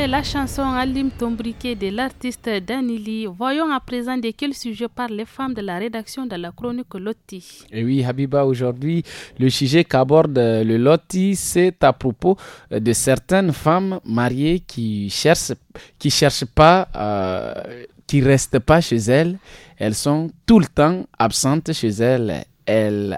la chanson Alim Tombriquet de l'artiste Danili. Voyons à présent de quel sujet parlent les femmes de la rédaction de la chronique Lotti. Eh oui, Habiba, aujourd'hui, le sujet qu'aborde le Lotti, c'est à propos euh, de certaines femmes mariées qui cherchent, qui cherchent pas, euh, qui restent pas chez elles. Elles sont tout le temps absentes chez elles. Elles,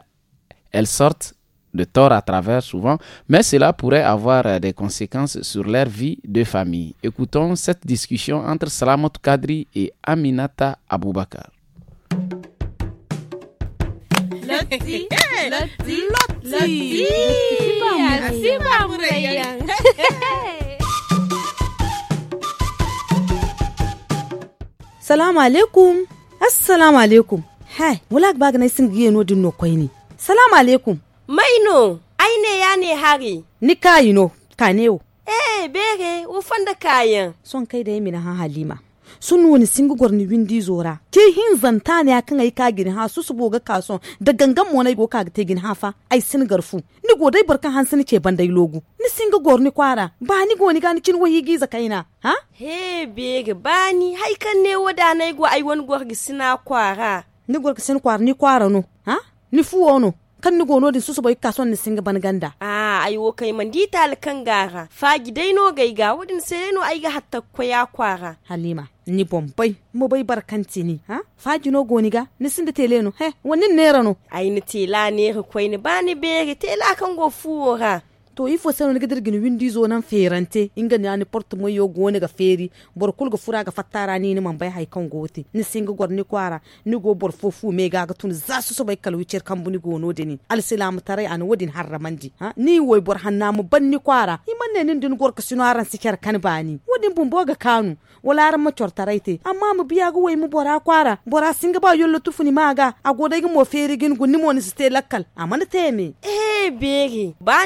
elles sortent de tort à travers souvent, mais cela pourrait avoir euh, des conséquences sur leur vie de famille. Écoutons cette discussion entre Salamot Kadri et Aminata Aboubakar. Salam alaikum As-salam alaikum Hey, wulak bag na isin giye no maino aine ya ne hari ni kayino o. eh bere wo fanda kayan son kai da yimina ha halima sun wani singu gwarni windi zora ke hin zanta ne akan ai ka gin ha su su boga kason da gangan mo nai go ka te gin ha fa ai sin garfu ni godai dai barkan han sin ce bandai logu ni singu gwarni kwara ba ni goni ga ni kin wayi giza kaina ha he bege bani hai kan ne wada nai go ai wani gwargi sina kwara ni gwargi sin kwara ni kwara no ha ni fuwo no kan ni gono din susu bai kason ni singa banganda ah ayo wo kai man dita alkan gara no gai ga wudin sai no ay ga hatta koya halima ni bombay mo bay barkanti ni ha faji no goni ga ni sinda tele no he wonin nera no la ni tela ni bani bere tela kan go to ifo seno nigdir gin windi zo nan ferante inga ni ani porte mo yo gone ga feri bor kulga fatara ni ni hay kan goti ni singa gor ni kwara ni go bor fofu me ga tun za su so bay kalu cer buni de al salam tare an wadin harramandi ha ni woy bor hanna ban kwara i man ne gor ka sino aran kan bani wadin bun boga kanu wala aran ma cor biago amma mu biya bora kwara bora singa ba yollo tufuni maga a goda gin mo feri gin gunni ste lakkal eh bege ba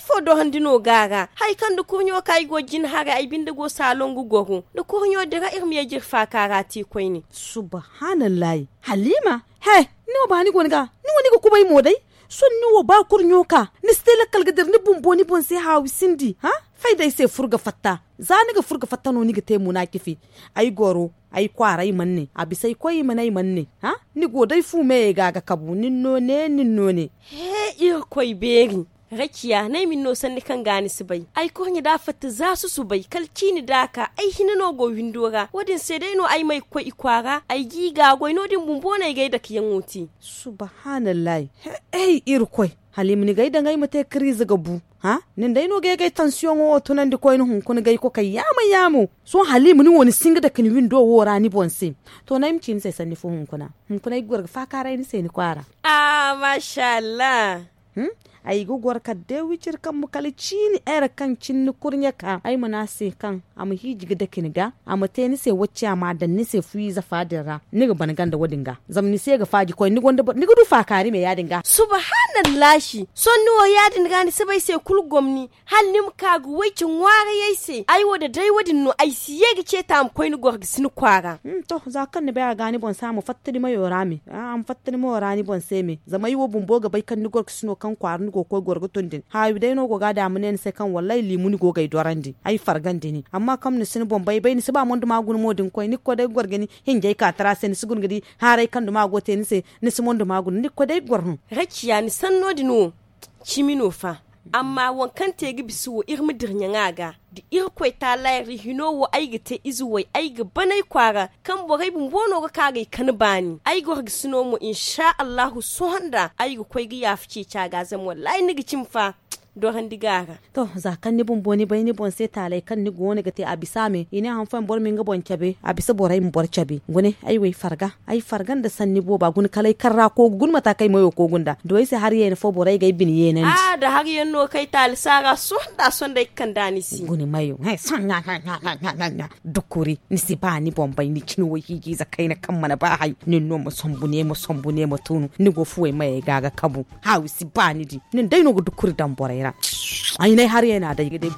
fo do handino gaga hay kan do kurnyo kay go jin haga ay binde go salon gu gohu da a daga irmiye jirfa karati koyni subhanallahi halima he ni ba ni gonga ni woni go son ni wo ba kurnyo ka ni stela kalgadir ni bumbo ni ha faida ise furga fatta za fruga ga furga fatta no ni ga te muna kifi Ay goro Ay kwara manne a bisai koyi manne ha ni godai fu me ga ga kabu ninno ne he rakiya na min no sanni kan gani su bai ai ko hanya da fatta za su su bai kalci ni daka ai hina no go windora wadin sai dai no ai mai ko ikwara ai giga go no din bumbo na gai da yan wuti subhanallahi ai koi halim ni gai da gai mate krizi ga bu ha nin dai no ga gai tension o nan di koi hun kun gai ko kai yamu yamu so halim ni woni singa da kan windo wora ni bonse to na imcin sai sanni fu hun kuna hun kuna igwar fa karai ni sai ni kwara ah masha Allah hmm? yi gugwar ka de wicir kan mu kali cini era kan cinni kurnya ka ay mana se kan a am hijig da kiniga am te ni se wacce ma da ni se fuiza fadira ni ga ban ganda ga zam ni se ga faji koy ni gonda ni gudu fakari me yadinga subhanallahi yadin ga ni se bai se kul gomni hal mu ka gu wicin ware yai se ay wada dai wadin no ay siye ga ce ta mu koy ni gor gisin kwara hmm, to za kan ni baya gani bon samu fattani mayora mi am ah, fattani mayora ni bon se me zama yi wo bumbo ga bai kan ni gor gisin kan kwaru go koy din ha dai no go ga da munen sai kan wallahi limuni go gai dorandi ai fargan ni amma kam ni sin bombay bai ni ba mondu magun modin koi ni ko dai gorgeni hin jai ka tara sen sugun gidi harai kan du mago ni se ni magun ni ko dai gornu rakiya ni sanno dinu chimino fa amma wankan tegi bisu wo irmi dirnyangaga di irkoi ta layri hino wo aiga te izu wai aiga banai kwara kan borai bun bono ga kare kan bani aiga ga sino insha allahu so handa aiga koi ga yafi ce ga zan wallahi nigi fa. do handi gaga to za kan ni bon boni bai ni bon sai talai kan ni gone ina han fan bor min ga bon chabe borai min chabe gune ai wai farga ai fargan da ni bo ba gun kalai karra ko gun mata kai ko gunda do sai har yene fo borai ga bin yenan a ah, da har no kai tal saga son da son da kan dani si gune mayo hai son na dukuri ni si ba ni bon bai ni kinu wai higi za kai na kan mana ba hai ni no mu son mu son mu tunu ni go fuwe mai gaga kabu ha si ba ni di ni dai no go dukuri dan borai Aina hari yang ada gitu.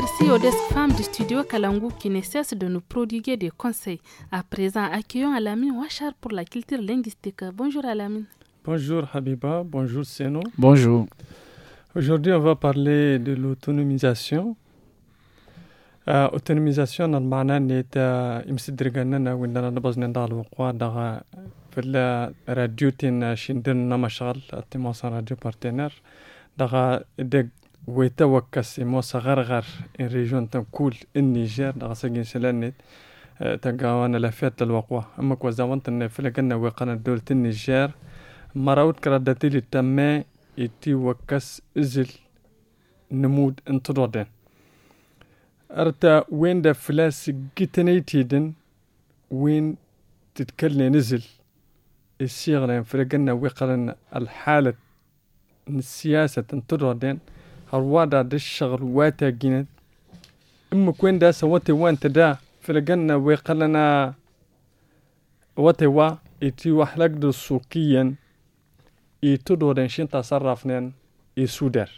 merci aux desk femmes du studio Kalangu qui ne cessent de nous prodiguer des conseils. À présent, accueillons Alamine Ouachar pour la culture linguistique. Bonjour Alamine. Bonjour Habiba, bonjour Seno. Bonjour. Aujourd'hui, on va parler de l'autonomisation. Euh, autonomisation المعنى نيتا يمسدرغنا وين نبز نضع الوقوع la à Radio euh, ويتوكس موسى غرغر ان ريجون تنكول النيجر غاسقين سلانيت آه، تنقاوانا لافات الوقوة اما كوزاوانت كنا وقنا دولة النيجر مراوت كرادتي تما يتي وكس ازل نمود انترودن ارتا وين دا فلاس جيتنيتيدن وين تتكلم نزل لان فلقنا وقرن الحالة السياسة دين هروادا دش شغل واتا جينت إما كوين دا سواتي وانت دا في الجنة ويقلنا واتي وا إتي وحلق دو سوكيا إتو دورين شين تصرفنين إسودر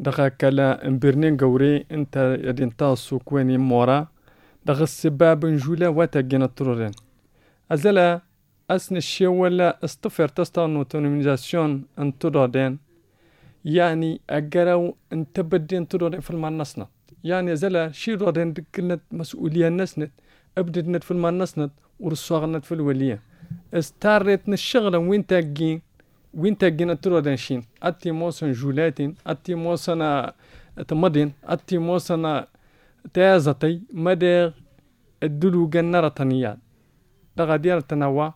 دقا كلا امبرنين قوري انت يدين تاسو كويني مورا دقا السباب انجولا واتا جينت ترورين أزلا أسن الشيوة استفر تستا نوتونيميزاسيون انتو دورين يعني أجروا أنت بدين تدور في المنصنة يعني زلا شي رودين دكنت مسؤولية نسنة أبدت في المنصنة ورصاغنت في الولية استارت الشغلة وين تاجين وين تاجين ترودين شين أتي موسن جولاتين أتي موسن تمدين أتي موسن تازتي مدير الدلو جنرة تنيات دغدير تنوى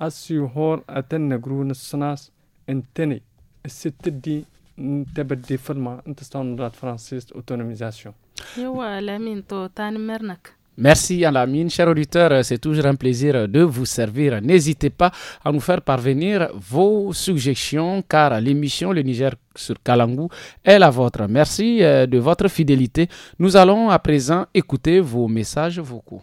أسيهور أتنقرون السناس انتني c'était à dire انت ستاندرات فرانسيس autonomisation. يوا autonomisation Merci à la mine, chers auditeurs. C'est toujours un plaisir de vous servir. N'hésitez pas à nous faire parvenir vos suggestions car l'émission Le Niger sur Kalangou est la vôtre. Merci euh, de votre fidélité. Nous allons à présent écouter vos messages vocaux.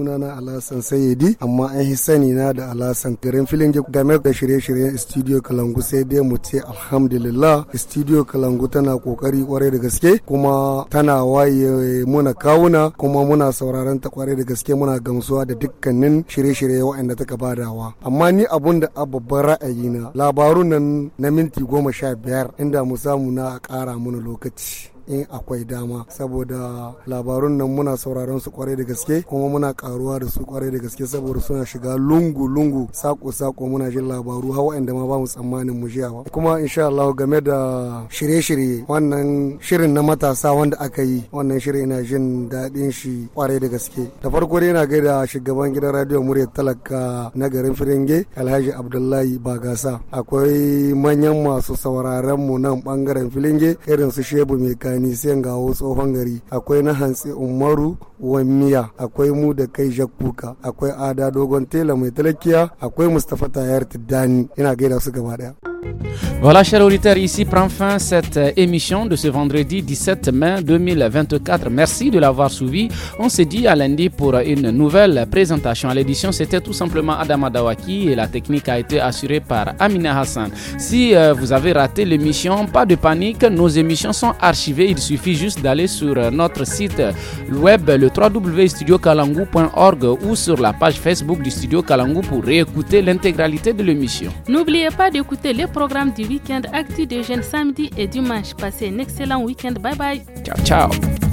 sunana Alhassan Sayyidi amma an yi sani na da Alhassan garin filin game da shirye-shiryen studio Kalangu sai dai mu ce alhamdulillah studio Kalangu tana kokari kwarai da gaske kuma tana waye muna kawuna kuma muna sauraron ta kwarai da gaske muna gamsuwa da dukkanin shirye-shirye waɗanda taka badawa amma ni abun da a babban ra'ayi na labarun nan na minti goma sha biyar inda mu samu na ƙara mana lokaci in akwai dama saboda labarun nan muna sauraron su kwarai da gaske kuma muna karuwa da su kwarai da gaske saboda suna shiga lungu lungu sako sako muna jin labaru har wa'anda ma ba mu tsammanin mu jiya ba kuma insha Allah game da shirye-shirye wannan shirin na matasa wanda aka yi wannan shirin ina jin daɗin shi kwarai da gaske da farko dai ina gaida shugaban gidan radio murya talaka na garin Firinge Alhaji Abdullahi Bagasa akwai manyan masu sauraron mu nan bangaren Filinge irin su Shebu Meka Voilà, chers auditeurs, ici prend fin cette euh, émission de ce vendredi 17 mai 2024. Merci de l'avoir suivi. On se dit à lundi pour une nouvelle présentation. À l'édition, c'était tout simplement Adama Adawaki et la technique a été assurée par Amina Hassan. Si euh, vous avez raté l'émission, pas de panique, nos émissions sont archivées il suffit juste d'aller sur euh, notre site web le www.studiokalangu.org ou sur la page Facebook du Studio Kalangu pour réécouter l'intégralité de l'émission. N'oubliez pas d'écouter les programmes du week-end actif des jeunes samedi et dimanche. Passez un excellent week-end. Bye bye. Ciao, ciao.